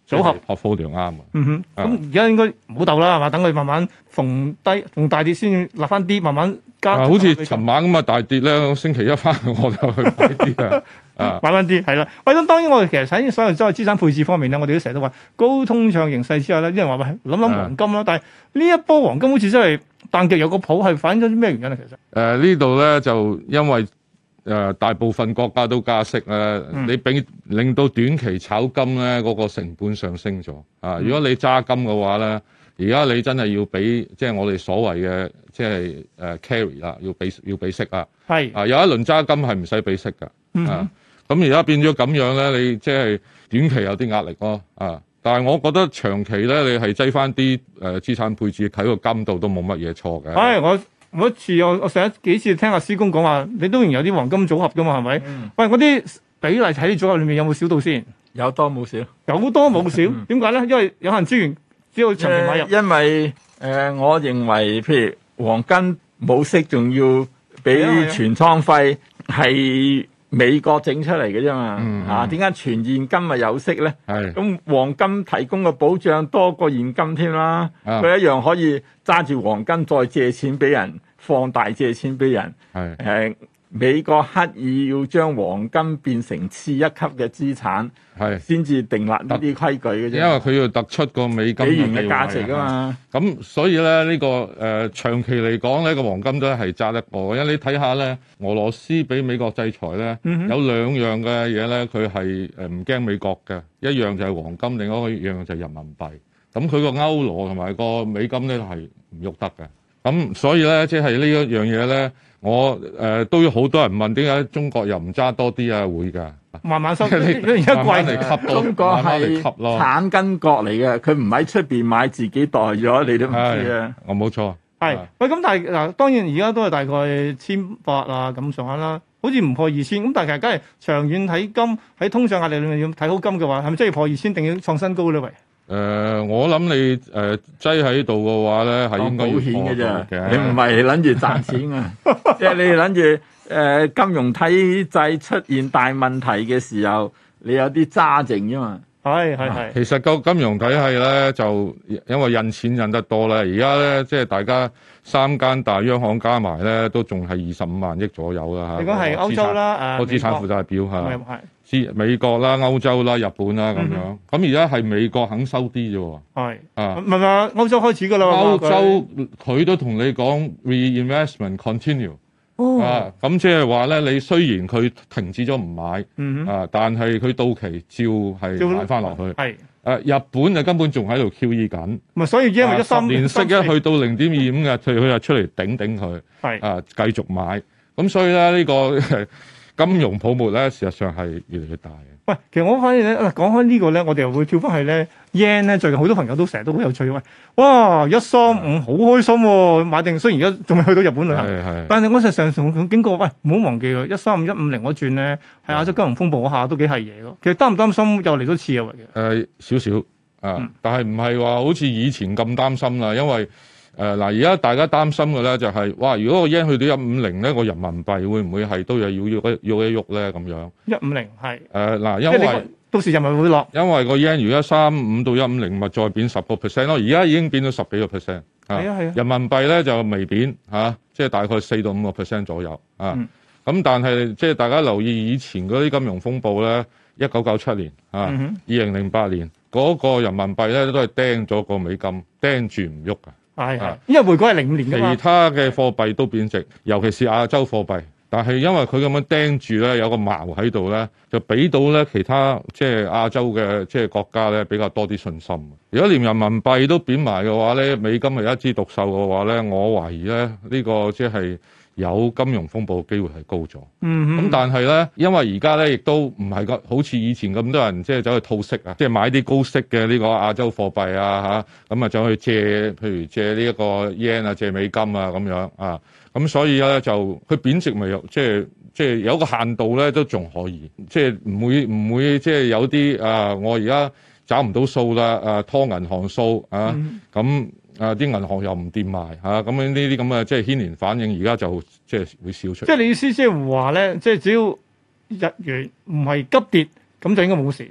組合，合夥就啱啊。嗯哼，咁而家應該好鬥啦，係嘛？等佢慢慢逢低逢大跌先立翻啲，慢慢加。好似尋晚咁啊，大跌咧， 星期一翻我就去買啲啊。 嗯、買翻啲係啦，喂咁、嗯、當然我哋其實喺所有即係資產配置方面咧，我哋都成日都話高通脹形勢之下咧，啲人話喂諗諗黃金啦，嗯、但係呢一波黃金好似真係淡極有個譜，係反映咗啲咩原因啊？其實誒呢度咧就因為誒、呃、大部分國家都加息啊，嗯、你令到短期炒金咧嗰、那個成本上升咗啊！如果你揸金嘅話咧，而家你真係要俾即係我哋所謂嘅即係誒 carry 啦，要俾要俾息是啊，係啊，有一輪揸金係唔使俾息噶啊！嗯咁而家變咗咁樣咧，你即係短期有啲壓力咯，啊！但係我覺得長期咧，你係擠翻啲誒資產配置睇個金度都冇乜嘢錯嘅、哎。我一次我我上一幾次聽阿施公講話，你都然有啲黃金組合噶嘛，係咪？嗯、喂，嗰啲比例喺啲組合裏面有冇少到先？有多冇少？有多冇少？點解咧？因為有限資源，只要長期買入。因為、呃、我認為譬如黃金冇息，仲要俾全倉費係。美國整出嚟嘅啫嘛，嗯嗯、啊點解全現金咪有息咧？咁係黃金提供嘅保障多過現金添啦，佢一樣可以揸住黃金再借錢俾人，放大借錢俾人，係誒。美國刻意要將黃金變成次一級嘅資產，係先至定立呢啲規矩嘅啫。因為佢要突出個美金嘅價值㗎嘛。咁、啊、所以咧，呢、這個誒、呃、長期嚟講咧，個黃金都係揸得過嘅。因為你睇下咧，俄羅斯俾美國制裁咧，嗯、哼有兩樣嘅嘢咧，佢係誒唔驚美國嘅。一樣就係黃金，另一個一樣就係人民幣。咁佢個歐羅同埋個美金咧係唔喐得嘅。咁所以咧，即、就、係、是、呢一樣嘢咧。我誒、呃、都要好多人問點解中國又唔揸多啲啊？會㗎慢慢收， 你一慢而嚟吸，中國係產金國嚟嘅，佢唔喺出面買，自己袋咗你都唔知啊！我冇錯，係喂咁，但嗱，當然而家都係大概千八啊咁上下啦，好似唔破二千咁，但係梗係長遠睇金，喺通脹壓力裏面要睇好金嘅話，係咪真係破二千定要創新高咧？喂？誒、呃，我諗你誒擠喺度嘅話咧，係應該、哦、保險嘅啫。你唔係諗住賺錢啊， 即係你諗住誒金融體制出現大問題嘅時候，你有啲揸剩啫嘛。係係係。其實個金融體系咧，就因為印錢印得多咧，而家咧即係大家三間大央行加埋咧，都仲係二十五萬億左右啦吓。如果係歐洲啦，誒產，資、啊、產負債表係。美國啦、歐洲啦、日本啦咁樣，咁而家係美國肯收啲啫喎。係啊，唔係嘛？歐洲開始噶啦。歐洲佢都同你講 reinvestment continue。啊，咁即係話咧，你雖然佢停止咗唔買，啊，但係佢到期照係買翻落去。係。誒，日本就根本仲喺度 QE 緊。咪所以因為一三年息一去到零點二五嘅，佢就出嚟頂頂佢。係。啊，繼續買。咁所以咧呢個。金融泡沫咧，事實上係越嚟越大的。嘅。喂，其實我可以咧，嗱講開呢個咧，我哋又會跳翻去咧 yen 咧。最近好多朋友都成日都好有趣嘅，喂，哇一三五好開心喎、啊，的買定雖然而家仲未去到日本旅行，的但係我成日從從警告，喂，唔好忘記啊一三五一五零嗰轉咧，係亞洲金融風暴嗰下都幾係嘢咯。其實擔唔擔心又嚟多次啊？喂、呃，誒少少啊，嗯、但係唔係話好似以前咁擔心啦，因為。誒嗱，而家、呃、大家擔心嘅咧就係、是，哇！如果個 yen 去到一五零咧，個人民幣會唔會係都有要喐一喐一喐咧咁樣？一五零係誒嗱，因為到時人民會落。因為個 yen 如果三五到一五零，咪再貶十個 percent 咯。而家已經變咗十幾個 percent。係啊係啊。啊啊人民幣咧就未貶嚇，即、啊、係、就是、大概四到五個 percent 左右啊。咁、嗯、但係即係大家留意以前嗰啲金融風暴咧，一九九七年啊，二零零八年嗰、那個人民幣咧都係釘咗個美金，釘住唔喐啊！係，因為匯改係零五年嘅，其他嘅貨幣都貶值，尤其是亞洲貨幣。但係因為佢咁樣釘住咧，有個矛喺度咧，就俾到咧其他即係、就是、亞洲嘅即係國家咧比較多啲信心。如果連人民幣都貶埋嘅話咧，美金係一枝獨秀嘅話咧，我懷疑咧呢、呢個即係。有金融風暴嘅機會係高咗，咁、嗯、哼但係咧，因為而家咧亦都唔係個好似以前咁多人即係走去套息啊，即係買啲高息嘅呢個亞洲貨幣啊嚇，咁啊走去借，譬如借呢一個 yen 啊，借美金啊咁樣啊，咁所以咧就佢貶值咪有，即係即係有個限度咧都仲可以，即係唔會唔會即係有啲啊我而家找唔到數啦啊，拖銀行數啊咁。啊！啲銀行又唔掂埋，嚇，咁呢啲咁嘅即係牽連反應，而家就即係會少出。即係你意思即係話咧，即係只要日元唔係急跌，咁就應該冇事。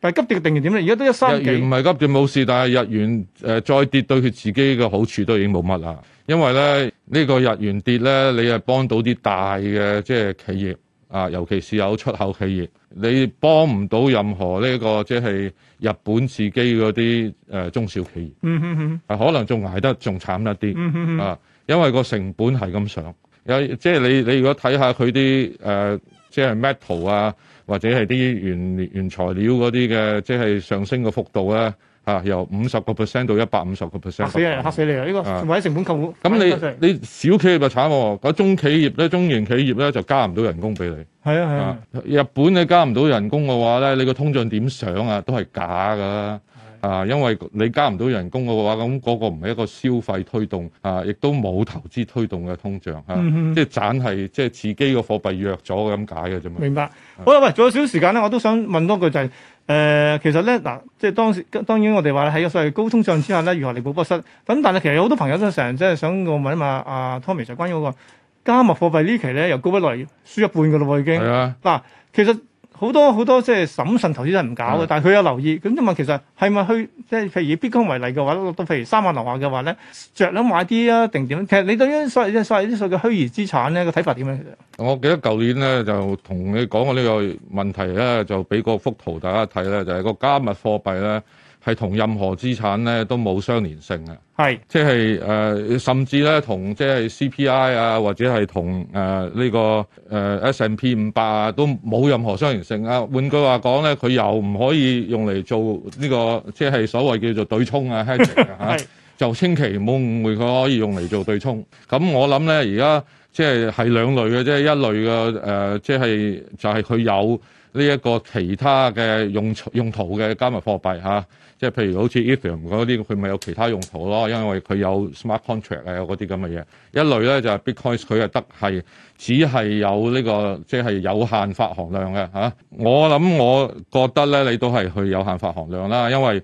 但係急跌嘅定義點咧？而家都一三幾，唔係急跌冇事，但係日元誒再跌對佢自己嘅好處都已經冇乜啦。因為咧呢個日元跌咧，你係幫到啲大嘅即係企業。啊，尤其是有出口企業，你幫唔到任何呢個即係日本自己嗰啲誒中小企業。嗯哼哼，啊，可能仲捱得仲慘一啲。 啊，因為個成本係咁上，有即係你你如果睇下佢啲誒，即係 metal 啊，或者係啲原原材料嗰啲嘅，即係上升嘅幅度咧。啊！由五十個 percent 到一百五十個 percent，嚇死你，嚇死你喇啊！呢個或者成本構建，咁、啊、你你小企業就慘喎、啊，中企業咧、中型企業咧就加唔到人工俾你。係啊係啊！啊是啊日本你加唔到人工嘅話咧，你個通脹點想啊？都係假噶啦！啊，啊，因為你加唔到人工嘅話，咁嗰個唔係一個消費推動啊，亦都冇投資推動嘅通脹即係盞係即係自己個貨幣弱咗咁解嘅啫嘛。明白。啊、好喇，喂，仲有少少時間咧，我都想問多句就係、是。誒、呃，其實咧嗱、啊，即係當，當然我哋話喺個所謂高通脹之下咧，如何彌補波失？咁但係其實好多朋友都成日即係想我問一問阿、啊、Tommy 就關於嗰、那個加密貨幣期呢期咧，又高落嚟輸一半嘅咯喎已經。是啊，啊，嗱，其實好多好多即係審慎投資都係唔搞嘅，是的 但係佢有留意。咁因為其實係咪虛？即係譬如，以必 i t 為例嘅話，到譬如三萬樓下嘅話咧，着撚買啲啊定點？其實你對於所謂所謂啲所謂嘅虛擬資產咧嘅睇法點樣？我記得舊年咧就同你講嘅呢個問題咧，就俾個幅圖大家睇咧，就係、是、個加密貨幣咧。係同任何資產咧都冇相連性嘅，係是 即係、呃、甚至咧同即係 CPI 啊，或者係同呢、呃這個、呃、S&P 五百啊，都冇任何相連性啊。換句話講咧，佢又唔可以用嚟做呢、這個，即係所謂叫做對沖啊，hedging、 啊、就千祈唔好誤會，佢可以用嚟做對沖。咁我諗咧，而家即係係兩類嘅即係一類嘅即係就係、是、佢有。呢一個其他嘅用用途嘅加密貨幣嚇，即、啊、係譬如好似 Ethereum 嗰啲，佢咪有其他用途咯？因為佢有 smart contract 啊，有嗰啲咁嘅嘢。一類咧就係，Bitcoin 佢係得係只係有呢、這個，即、就、係、是、有限發行量嘅、啊、我諗我覺得咧，你都係去有限發行量啦，因為、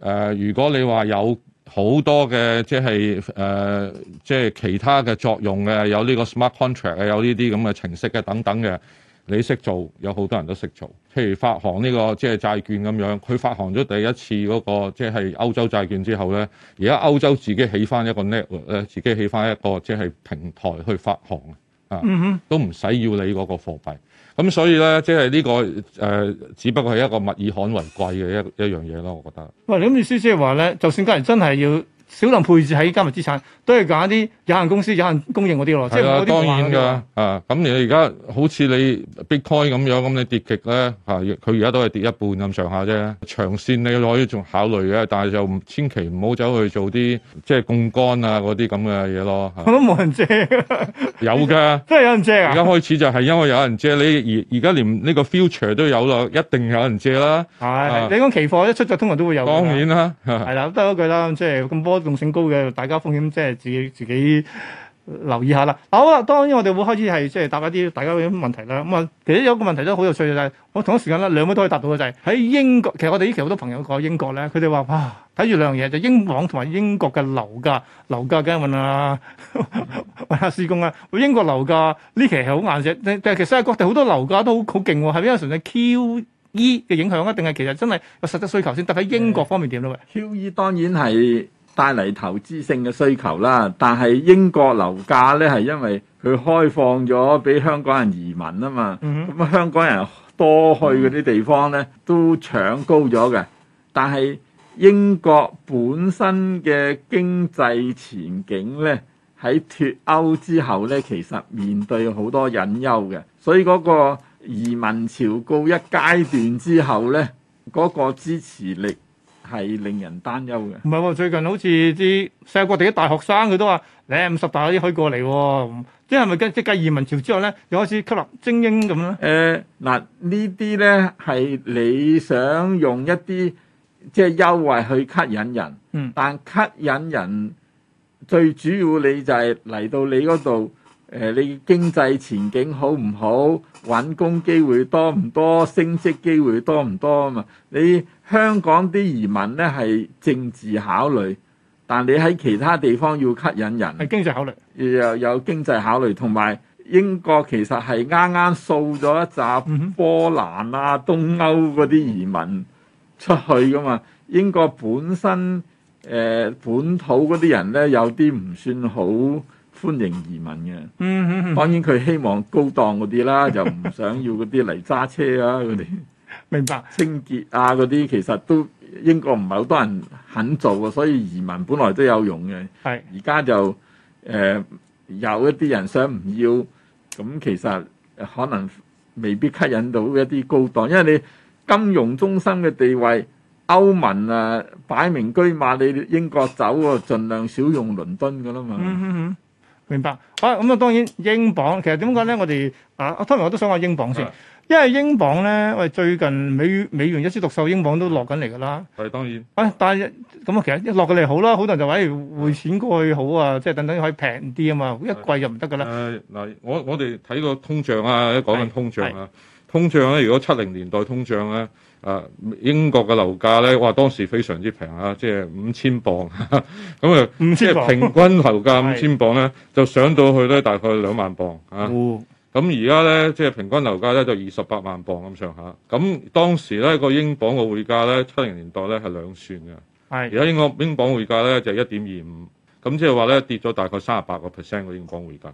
呃、如果你話有好多嘅，即係即係其他嘅作用嘅，有呢個 smart contract 啊，有呢啲咁嘅程式嘅等等嘅。你識做，有好多人都識做。譬如發行呢、這個即係債券咁樣，佢發行咗第一次嗰、那個即係歐洲債券之後咧，而家歐洲自己起翻一個 network 咧，自己起翻一個即係平台去發行啊，都唔使要你嗰個貨幣。咁所以咧，即係呢、這個誒、呃，只不過係一個物以罕為貴嘅一一樣嘢咯。我覺得。喂、呃，咁你意思即係話咧，就算今日真係要少量配置喺加密資產，都係揀啲有限公司有限供應嗰啲咯，的即係好當然㗎，啊咁你而家好似你 Bitcoin 咁樣，咁你跌極咧，嚇佢而家都係跌一半咁上下啫。長線你可以仲考慮嘅，但係就千祈唔好走去做啲即係槓桿啊嗰啲咁嘅嘢咯。我都冇人借，有㗎，真係有人借啊！而家 的開始就係因為有人借，你而而家連呢個 future 都有啦，一定有人借啦。係的、啊、你講期貨一出就通常都會有。當然啦，係啦，得嗰句啦， 即係咁波動性高嘅，大家風險即係自己自己。自己留意下啦，好啦、啊，當然我哋會開始係即係答一啲大家嘅問題啦。咁啊，其實有一個問題都好有趣嘅就係，我同一時間咧，兩位都可以答到嘅就係、是、喺英國。其實我哋呢期好多朋友講英國咧，佢哋話哇，睇住兩樣嘢就英皇同埋英國嘅樓價、樓價、啊。咁 啊問阿問阿施公啊，英國樓價呢期係好硬嘅，但係其實係各地好多樓價都好好勁。係咪因為純粹 QE 嘅影響啊？定係其實真係有實質需求先？但喺英國方面點咧？QE 當然係。帶嚟投資性嘅需求啦，但係英國樓價咧係因為佢開放咗俾香港人移民啊嘛，咁啊、嗯、哼香港人多去嗰啲地方咧都搶高咗嘅。但係英國本身嘅經濟前景咧喺脫歐之後咧，其實面對好多隱憂嘅，所以嗰個移民潮告一階段之後咧，嗰、嗰個支持力。係令人擔憂嘅。唔係喎，最近好似啲世界各地啲大學生都說，佢都話：你五十大啲可以過嚟，即係咪跟即係移民潮之後咧，又開始吸納精英咁樣？誒、呃，嗱，呢啲咧係你想用一啲即係優惠去吸引人，嗯、但吸引人最主要你就係嚟到你嗰度。嗯誒，你經濟前景好唔好，揾工機會多唔多，升職機會多唔多啊嘛？你香港啲移民咧係政治考慮，但你喺其他地方要吸引人，係經濟考慮，又有經濟考慮，同埋英國其實係啱啱掃咗一集。波蘭啊、東歐嗰啲移民出去噶嘛？英國本身、呃、本土嗰啲人咧有啲唔算好。歡迎移民嘅、嗯，嗯嗯當然佢希望高檔嗰啲啦， 就唔想要嗰啲嚟揸車啊嗰啲，明白清潔啊嗰啲，其實都英國唔係好多人肯做嘅，所以移民本來都有用嘅。係而家就誒、呃、有一啲人想唔要咁，其實可能未必吸引到一啲高檔，因為你金融中心嘅地位，歐盟啊擺明居馬你英國走啊，儘量少用倫敦㗎啦嘛。嗯嗯嗯明白，好咁啊、嗯！當然，英鎊其實點講咧？我哋啊，我通常我都想話英鎊先，的因為英鎊咧，喂，最近美美元一枝獨秀，英鎊都落緊嚟噶啦。係當然。啊，但係咁啊，其實一落嚟好啦，好多人就話匯錢過去好啊，即係等等可以平啲啊嘛，一貴就唔得噶啦。誒嗱，我我哋睇個通脹啊，一講緊通脹啊，通脹咧、啊，如果七零年代通脹咧、啊。啊，英國嘅樓價咧，哇！當時非常之平啊，即係五千鎊咁啊，即係平均樓價五千鎊咧，是的 就上到去咧大概兩萬鎊嚇。咁而家咧，即係平均樓價咧就二十八萬鎊咁上下。咁當時咧個英鎊嘅匯價咧，七零年，年代咧係兩算嘅。係而家英鎊、英國、英鎊匯價咧就一點二五，咁即係話咧跌咗大概三十八個 percent 嘅英鎊匯價，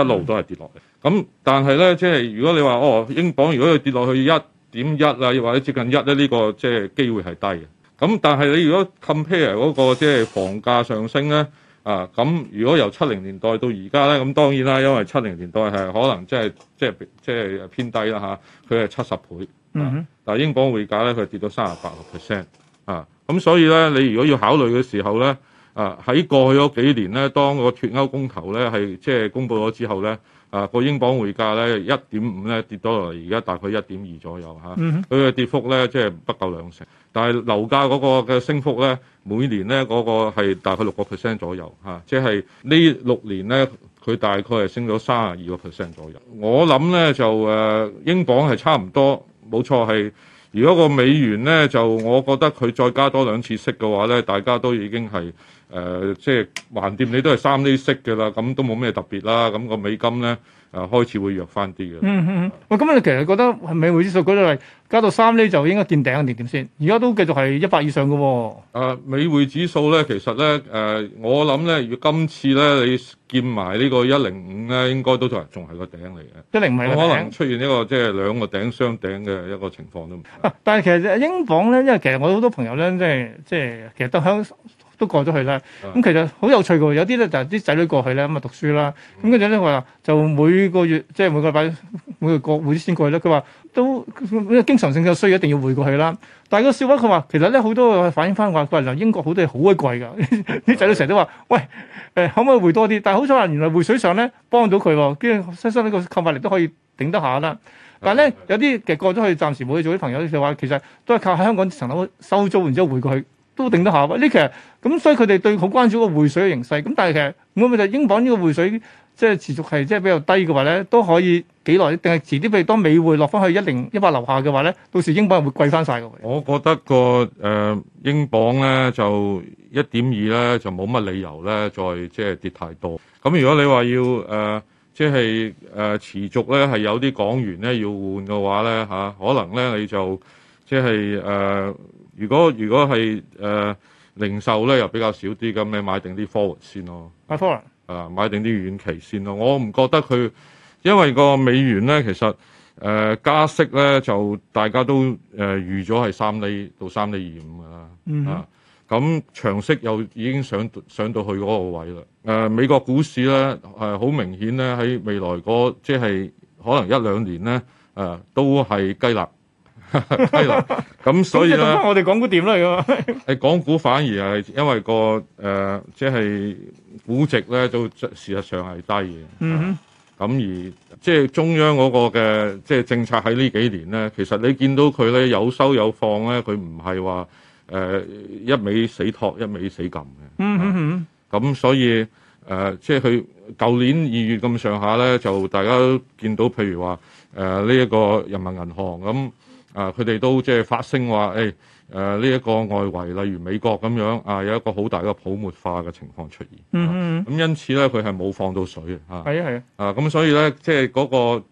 一路都係跌落嚟。咁、嗯、但係咧，即係如果你話哦，英鎊如果佢跌落去一點一啊，又或者接近一咧？呢個即係機會係低嘅。咁但係你如果 compare 嚟嗰個即係房價上升咧，啊咁如果由七零年代到而家咧，咁當然啦，因為七零年代係可能即係即係即係偏低啦嚇，佢係七十倍。嗯，但係英鎊匯價咧，佢跌到三十八個 percent 啊。咁所以咧，你如果要考慮嘅時候咧，啊喺過去嗰幾年咧，當個脱歐公投咧係即係公佈咗之後咧。啊，個英鎊匯價咧一點五咧跌到落嚟，而家大概一點二左右嚇。佢嘅跌幅咧，即係不夠兩成。但係樓價嗰個嘅升幅咧，每年咧嗰個係大概六個 percent 左右嚇。即係呢六年咧，佢大概係升咗三十二個 percent 左右。我諗咧就誒，英鎊係差唔多，冇錯係。如果個美元咧就，我覺得佢再加多兩次息嘅話咧，大家都已經係。誒、呃、即係橫掂，你都係三厘息嘅啦，咁都冇咩特別啦。咁、個美金咧，誒、呃、開始會弱翻啲嘅。嗯嗯嗯。喂，咁你其實覺得美匯指數嗰度加到三厘就應該見頂定點先？而家都繼續係一百以上嘅喎、哦呃。美匯指數咧，其實咧誒、呃，我諗咧，如果今次咧，你見埋呢個一零五咧，應該都仲係仲係個頂嚟嘅。一零五係可能出現呢個即係、即係、兩個頂雙頂嘅一個情況都、啊。唔但係其實英鎊咧，因為其實我好多朋友咧，即係即係其實都響。都過咗去啦，咁其實好有趣嘅。有啲咧就係啲仔女過去咧咁啊讀書啦，咁跟住咧我話就每個月即係、就是、每個禮拜每個月過會先過去咧。佢話都經常性嘅需要一定要匯過去啦。但係個笑話佢話其實咧好多反映翻話，喂，嚟英國好多嘢好鬼貴㗎，啲仔女成日都話喂，誒可唔可以匯多啲？但係好彩話原來匯水上咧幫到佢喎，跟住新生呢個購買力都可以頂得下啦。但係咧是的 有啲其實過咗去暫時冇嘢做啲朋友就話其實都係靠喺香港層樓收租然之後匯過去。都定得下吧？呢其實咁，所以佢哋對好關注個匯水嘅形勢。咁但係其實，會唔會就英鎊呢個匯水，即係持續係即係比較低嘅話咧，都可以幾耐？定係遲啲譬如當美匯落翻去一零一八樓下嘅話咧，到時英鎊會貴翻晒。我覺得個誒英鎊咧就一點二咧就冇乜理由咧再即係跌太多。咁如果你話要誒即係誒持續咧係有啲港元咧要換嘅話咧吓可能咧你就。即係、呃、如果如果係、呃、零售咧又比較少啲，咁你買定啲 forward 先咯。買 forward 啊，買定啲遠期先咯。我唔覺得佢，因為個美元咧其實、呃、加息咧就大家都誒、呃、預咗係三厘到三厘二五噶啦。嗯、哼啊，咁長息又已經上上到去嗰個位啦、呃。美國股市咧好、呃、明顯咧喺未來嗰即係可能一兩年咧、呃、都係雞肋。咁， 所以咧，我哋港股點嚟喎？啊，港股反而係因為個誒，即、呃、係、就是、估值，咧都事實上係低嘅。嗯哼，咁而即係中央嗰個嘅即係政策喺呢幾年咧，其實你見到佢咧有收有放咧，佢唔係話誒一味死托一味死撳嘅。嗯咁哼所以誒，即係佢舊年二月咁上下咧，就大家都見到，譬如話誒呢一個人民銀行咁。啊！佢哋都即係發聲話，誒誒呢一個外圍，例如美國咁樣，啊有一個好大嘅泡沫化嘅情況出現。嗯嗯、mm。咁、hmm。因此咧，佢係冇放到水嚇。係啊係啊。啊咁所以咧，即係嗰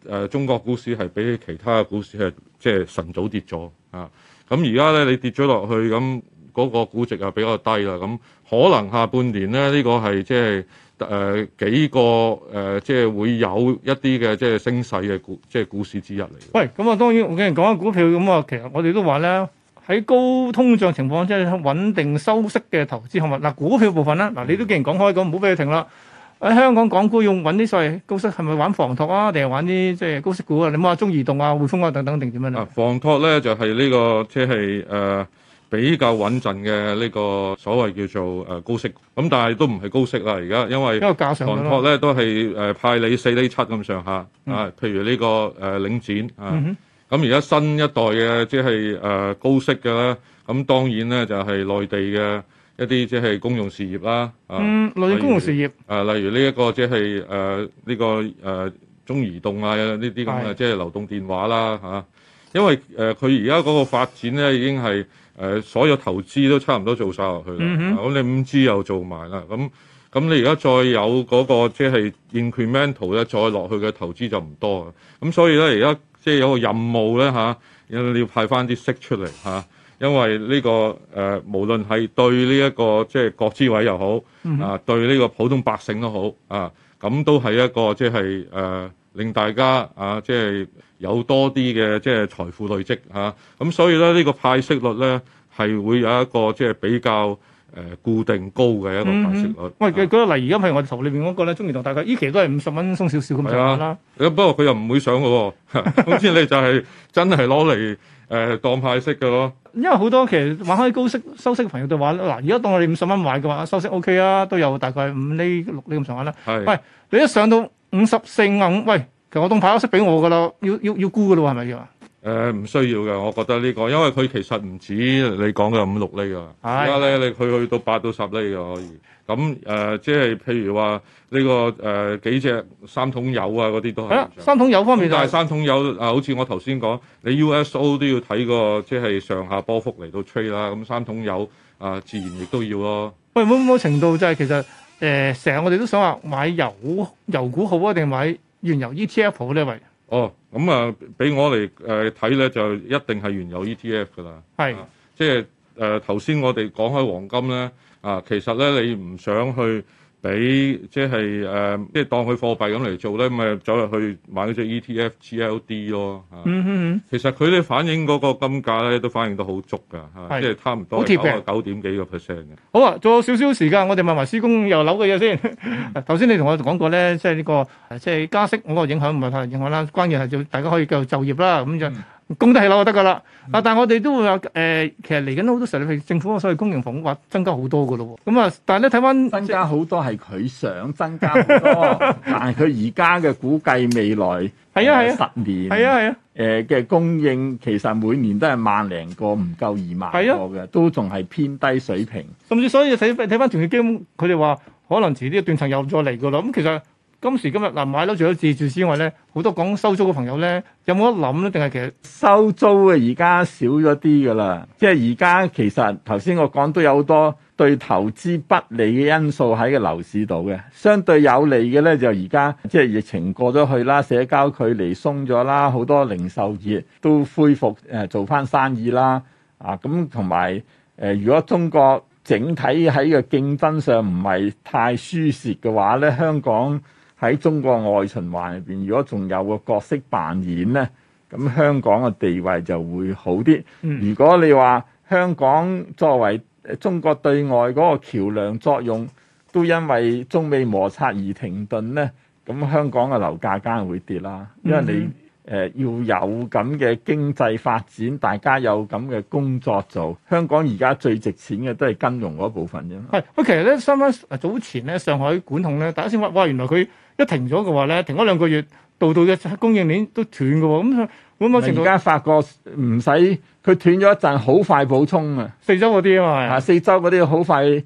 個中國股市係比其他嘅股市係即係晨早跌咗啊！咁而家咧你跌咗落去咁，嗰個估值又比較低啦。咁可能下半年咧呢個係即係。誒、呃，幾個誒、呃，即係會有一啲嘅即係升勢嘅股，即係股市之一嚟。喂，咁啊，當然我既然講緊股票，咁啊，其實我哋都話咧，喺高通脹情況之下，穩定收息嘅投資項目。嗱，股票部分咧，嗱，你都既然講開，咁唔好俾佢停啦。喺香港港股要搵啲所謂高息，係咪玩房託啊，定係玩啲即係高息股啊？你冇話中移動啊、匯豐啊等等定點樣呢啊？房託咧就係、是、呢、這個，即係誒。呃比較穩陣嘅呢個所謂叫做誒高息，咁但係都唔係高息啦，而家因為韓國咧都係誒派你四厘七咁上下啊。譬如呢個誒領展啊，咁而家新一代嘅即係誒高息嘅咧，咁當然咧就係內地嘅一啲即係公用事業啦。嗯，內地公用事業啊，例如呢一個即係誒呢個誒、啊、中移動啊，呢啲咁嘅即係流動電話啦嚇是、啊，因為誒佢而家嗰個發展咧已經係。誒所有投資都差唔多做晒落去啦，咁、mm hmm. 你 5G 又做埋啦，咁咁你而家再有嗰個即係 incremental 咧，再落去嘅投資就唔多啦，咁所以咧而家即係有個任務咧嚇、啊，你要派翻啲息出嚟、啊、因為呢、呢個誒、啊、無論係對呢、呢、一個即係、即係、國資委又好、mm hmm. 啊，對呢個普通百姓都好啊，咁都係一個即係誒令大家啊即係。即係有多啲嘅即係財富累積啊，咁、啊、所以咧呢個派息率咧係會有一個即係比較固定高嘅一個派息率。喂，舉個例，而家譬如我圖裏面嗰、那個咧，中移動大概依期都係五十蚊鬆少少咁上下啦。啊、不，不過佢又唔會上嘅喎，咁先、 啊、你就係真係攞嚟誒當派息嘅咯。因為好多其實玩開高息收息嘅朋友都話嗱，如果當我哋五十蚊買嘅話，收息 OK 啊，都有大概五厘、六厘咁上下啦。喂，你一上到五十四五，喂。其實我東牌都識俾我噶啦，要要要沽噶咯，係咪要啊？誒唔、呃、需要嘅，我覺得呢、這個因為佢其實唔止你講嘅五六厘啊，而家咧你去去到八到十厘嘅可以。咁誒、呃、即係譬如話呢、這個誒、呃、幾隻三桶油啊嗰啲都係。三桶油方面、就是，但係三桶油啊，好似我頭先講，你 USO 都要睇個即係上下波幅嚟到 trade 啦。咁三桶油啊、呃，自然亦都要咯。喂，冇冇程度就係、是、其實誒成日我哋都想話買油油股好啊定買？原油 ETF 嗰啲位哦，咁啊，俾我嚟誒睇咧，就一定係原油 ETF 㗎喇，係是的、啊、即係誒頭先我哋講開黃金咧，啊，其實咧你唔想去。俾即係誒，即係、呃、當佢貨幣咁嚟做咧，咁咪走入去買嗰隻 ETF GLD 咯。嗯哼、mm，hmm. 其實佢哋反映嗰個金價咧都反映得好足㗎，即係是差唔多好似九九點幾個 percent 嘅。好啊，仲有少少時間，我哋問埋施生、油樓嘅嘢先。頭先、mm hmm. 你同我講過咧，即係呢個即係、就是、加息嗰個影響唔係太大影響啦，關鍵係就是大家可以繼續就業啦咁樣。Mm hmm. 供得起樓就得噶啦。啊，但係我哋都會有誒，其實嚟緊好多時候，政府嘅所謂供應房屋話增加好多噶咯。咁啊，但係咧，睇翻增加好多係佢想增加好多， 但係佢而家嘅估計未來係啊係啊十年係啊係啊誒嘅供應，啊啊，其實每年都係萬零個唔夠二萬個嘅，係啊，都仲係偏低水平。甚至所以睇睇翻條嘅基本，佢哋話可能遲啲斷層又再嚟噶啦。咁其實～今時今日嗱買樓除咗自住之外咧，好多講收租嘅朋友咧，有冇得諗咧？定係其實收租嘅而家少咗啲噶啦。即係而家其實頭先我講都有好多對投資不利嘅因素喺個樓市度嘅。相對有利嘅咧就而家即係疫情過咗去啦，社交距離鬆咗啦，好多零售業都恢復誒做翻生意啦。啊咁同埋誒，如果中國整體喺個競爭上唔係太輸蝕嘅話咧，香港。喺中國外循環入邊，如果仲有個角色扮演呢，咁香港嘅地位就會好啲。如果你話香港作為中國對外嗰個橋梁作用，都因為中美摩擦而停頓呢，咁香港嘅樓價梗係會跌啦。因為你誒要有咁嘅經濟發展，大家有咁嘅工作做，香港而家最值錢嘅都係金融嗰部分啫。係，其實咧，翻早前咧，上海管控咧，大家先話，哇，原來佢。一停咗嘅話咧，停咗兩個月，度度嘅供應鏈都斷嘅喎，咁咁某程度，而家發覺唔使佢斷咗一陣，好快補充啊！四周嗰啲啊嘛，啊四周嗰啲好快誒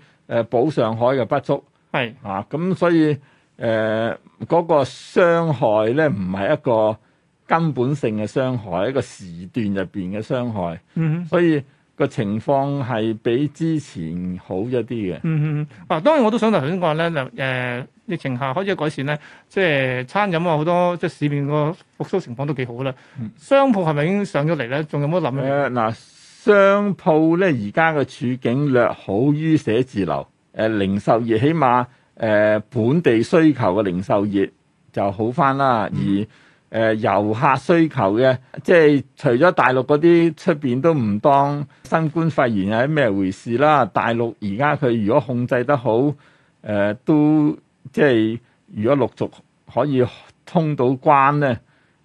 補上海嘅不足，係是啊咁，那所以誒嗰、呃那個傷害咧唔係一個根本性嘅傷害，一個時段入邊嘅傷害，嗯、哼所以個情況係比之前好一啲嘅，嗯哼，啊當然我都想同頭先講嘅話咧就疫情下開始改善咧，即係餐飲啊好多，即係市面個復甦情況都幾好啦、嗯呃。商鋪係咪已經上咗嚟咧？仲有冇得諗咧？嗱，商鋪咧而家嘅處境略好於寫字樓，誒、呃、零售業，起碼誒、呃、本地需求嘅零售業就好返啦。嗯、而誒、呃、遊客需求嘅，即係除咗大陸嗰啲出邊都唔當新冠肺炎係咩回事啦。大陸而家佢如果控制得好，誒、呃、都即係如果六續可以通到關咧，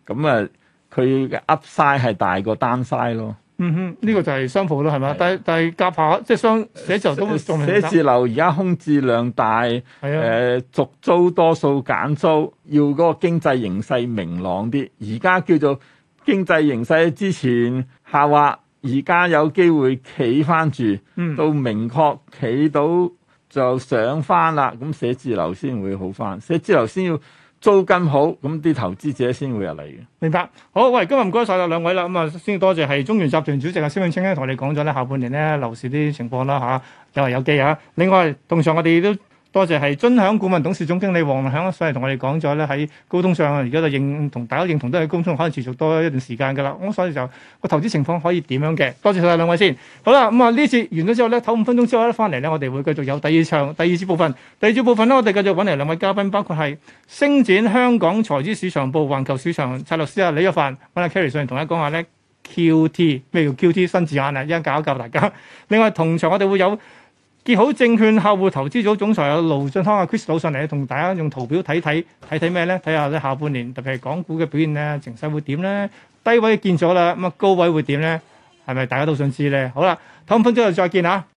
咁啊佢嘅 Upside 係大過單晒 w s i e 咯。嗯哼，呢、這個就係商鋪咯，係嘛的？但係但係夾下即係商寫，寫，寫字樓都仲寫字樓，而家空置量大，誒續的、呃、租多數減租，要嗰個經濟形勢明朗啲。而家叫做經濟形勢之前下滑，而家有機會企翻住，明確到明確企到。就上翻啦，咁寫字樓先會好翻，寫字樓先要租金好，咁啲投資者先會入嚟嘅，明白？好，喂，今日唔該晒啦，兩位啦，咁啊，先多謝係中原集團主席啊，施永青咧同你講咗咧，下半年咧樓市啲情況啦嚇、啊，有危有機啊，另外同時我哋都。多謝，係臻享顧問董事總經理王良享啊，所以同我哋講咗咧，喺高通上，而家就認同，大家認同都係高通可能持續多一段時間噶啦。咁所以就個投資情況可以點樣嘅？多謝晒兩位先。好啦，咁啊呢次完咗之後咧，唞五分鐘之後咧翻嚟咧，我哋會繼續有第二場、第二節部分、第二節部分咧，我哋繼續揾嚟兩位嘉賓，包括係星展香港財資市場部、環球市場策略師啊李玉凡，揾阿 Kerry，上嚟同佢講下咧 QT 咩叫 QT 新字眼啊，一陣間教一教大家。另外同場我哋會有。結好證券客戶投資組總裁阿盧俊康阿 Chris 到上嚟，同大家用圖表睇睇睇睇咩咧？睇下咧，下半年特別係港股嘅表現咧，情勢會點咧？低位見咗啦，咁啊高位會點咧？係咪大家都想知咧？好啦，唞五分鐘後再見嚇。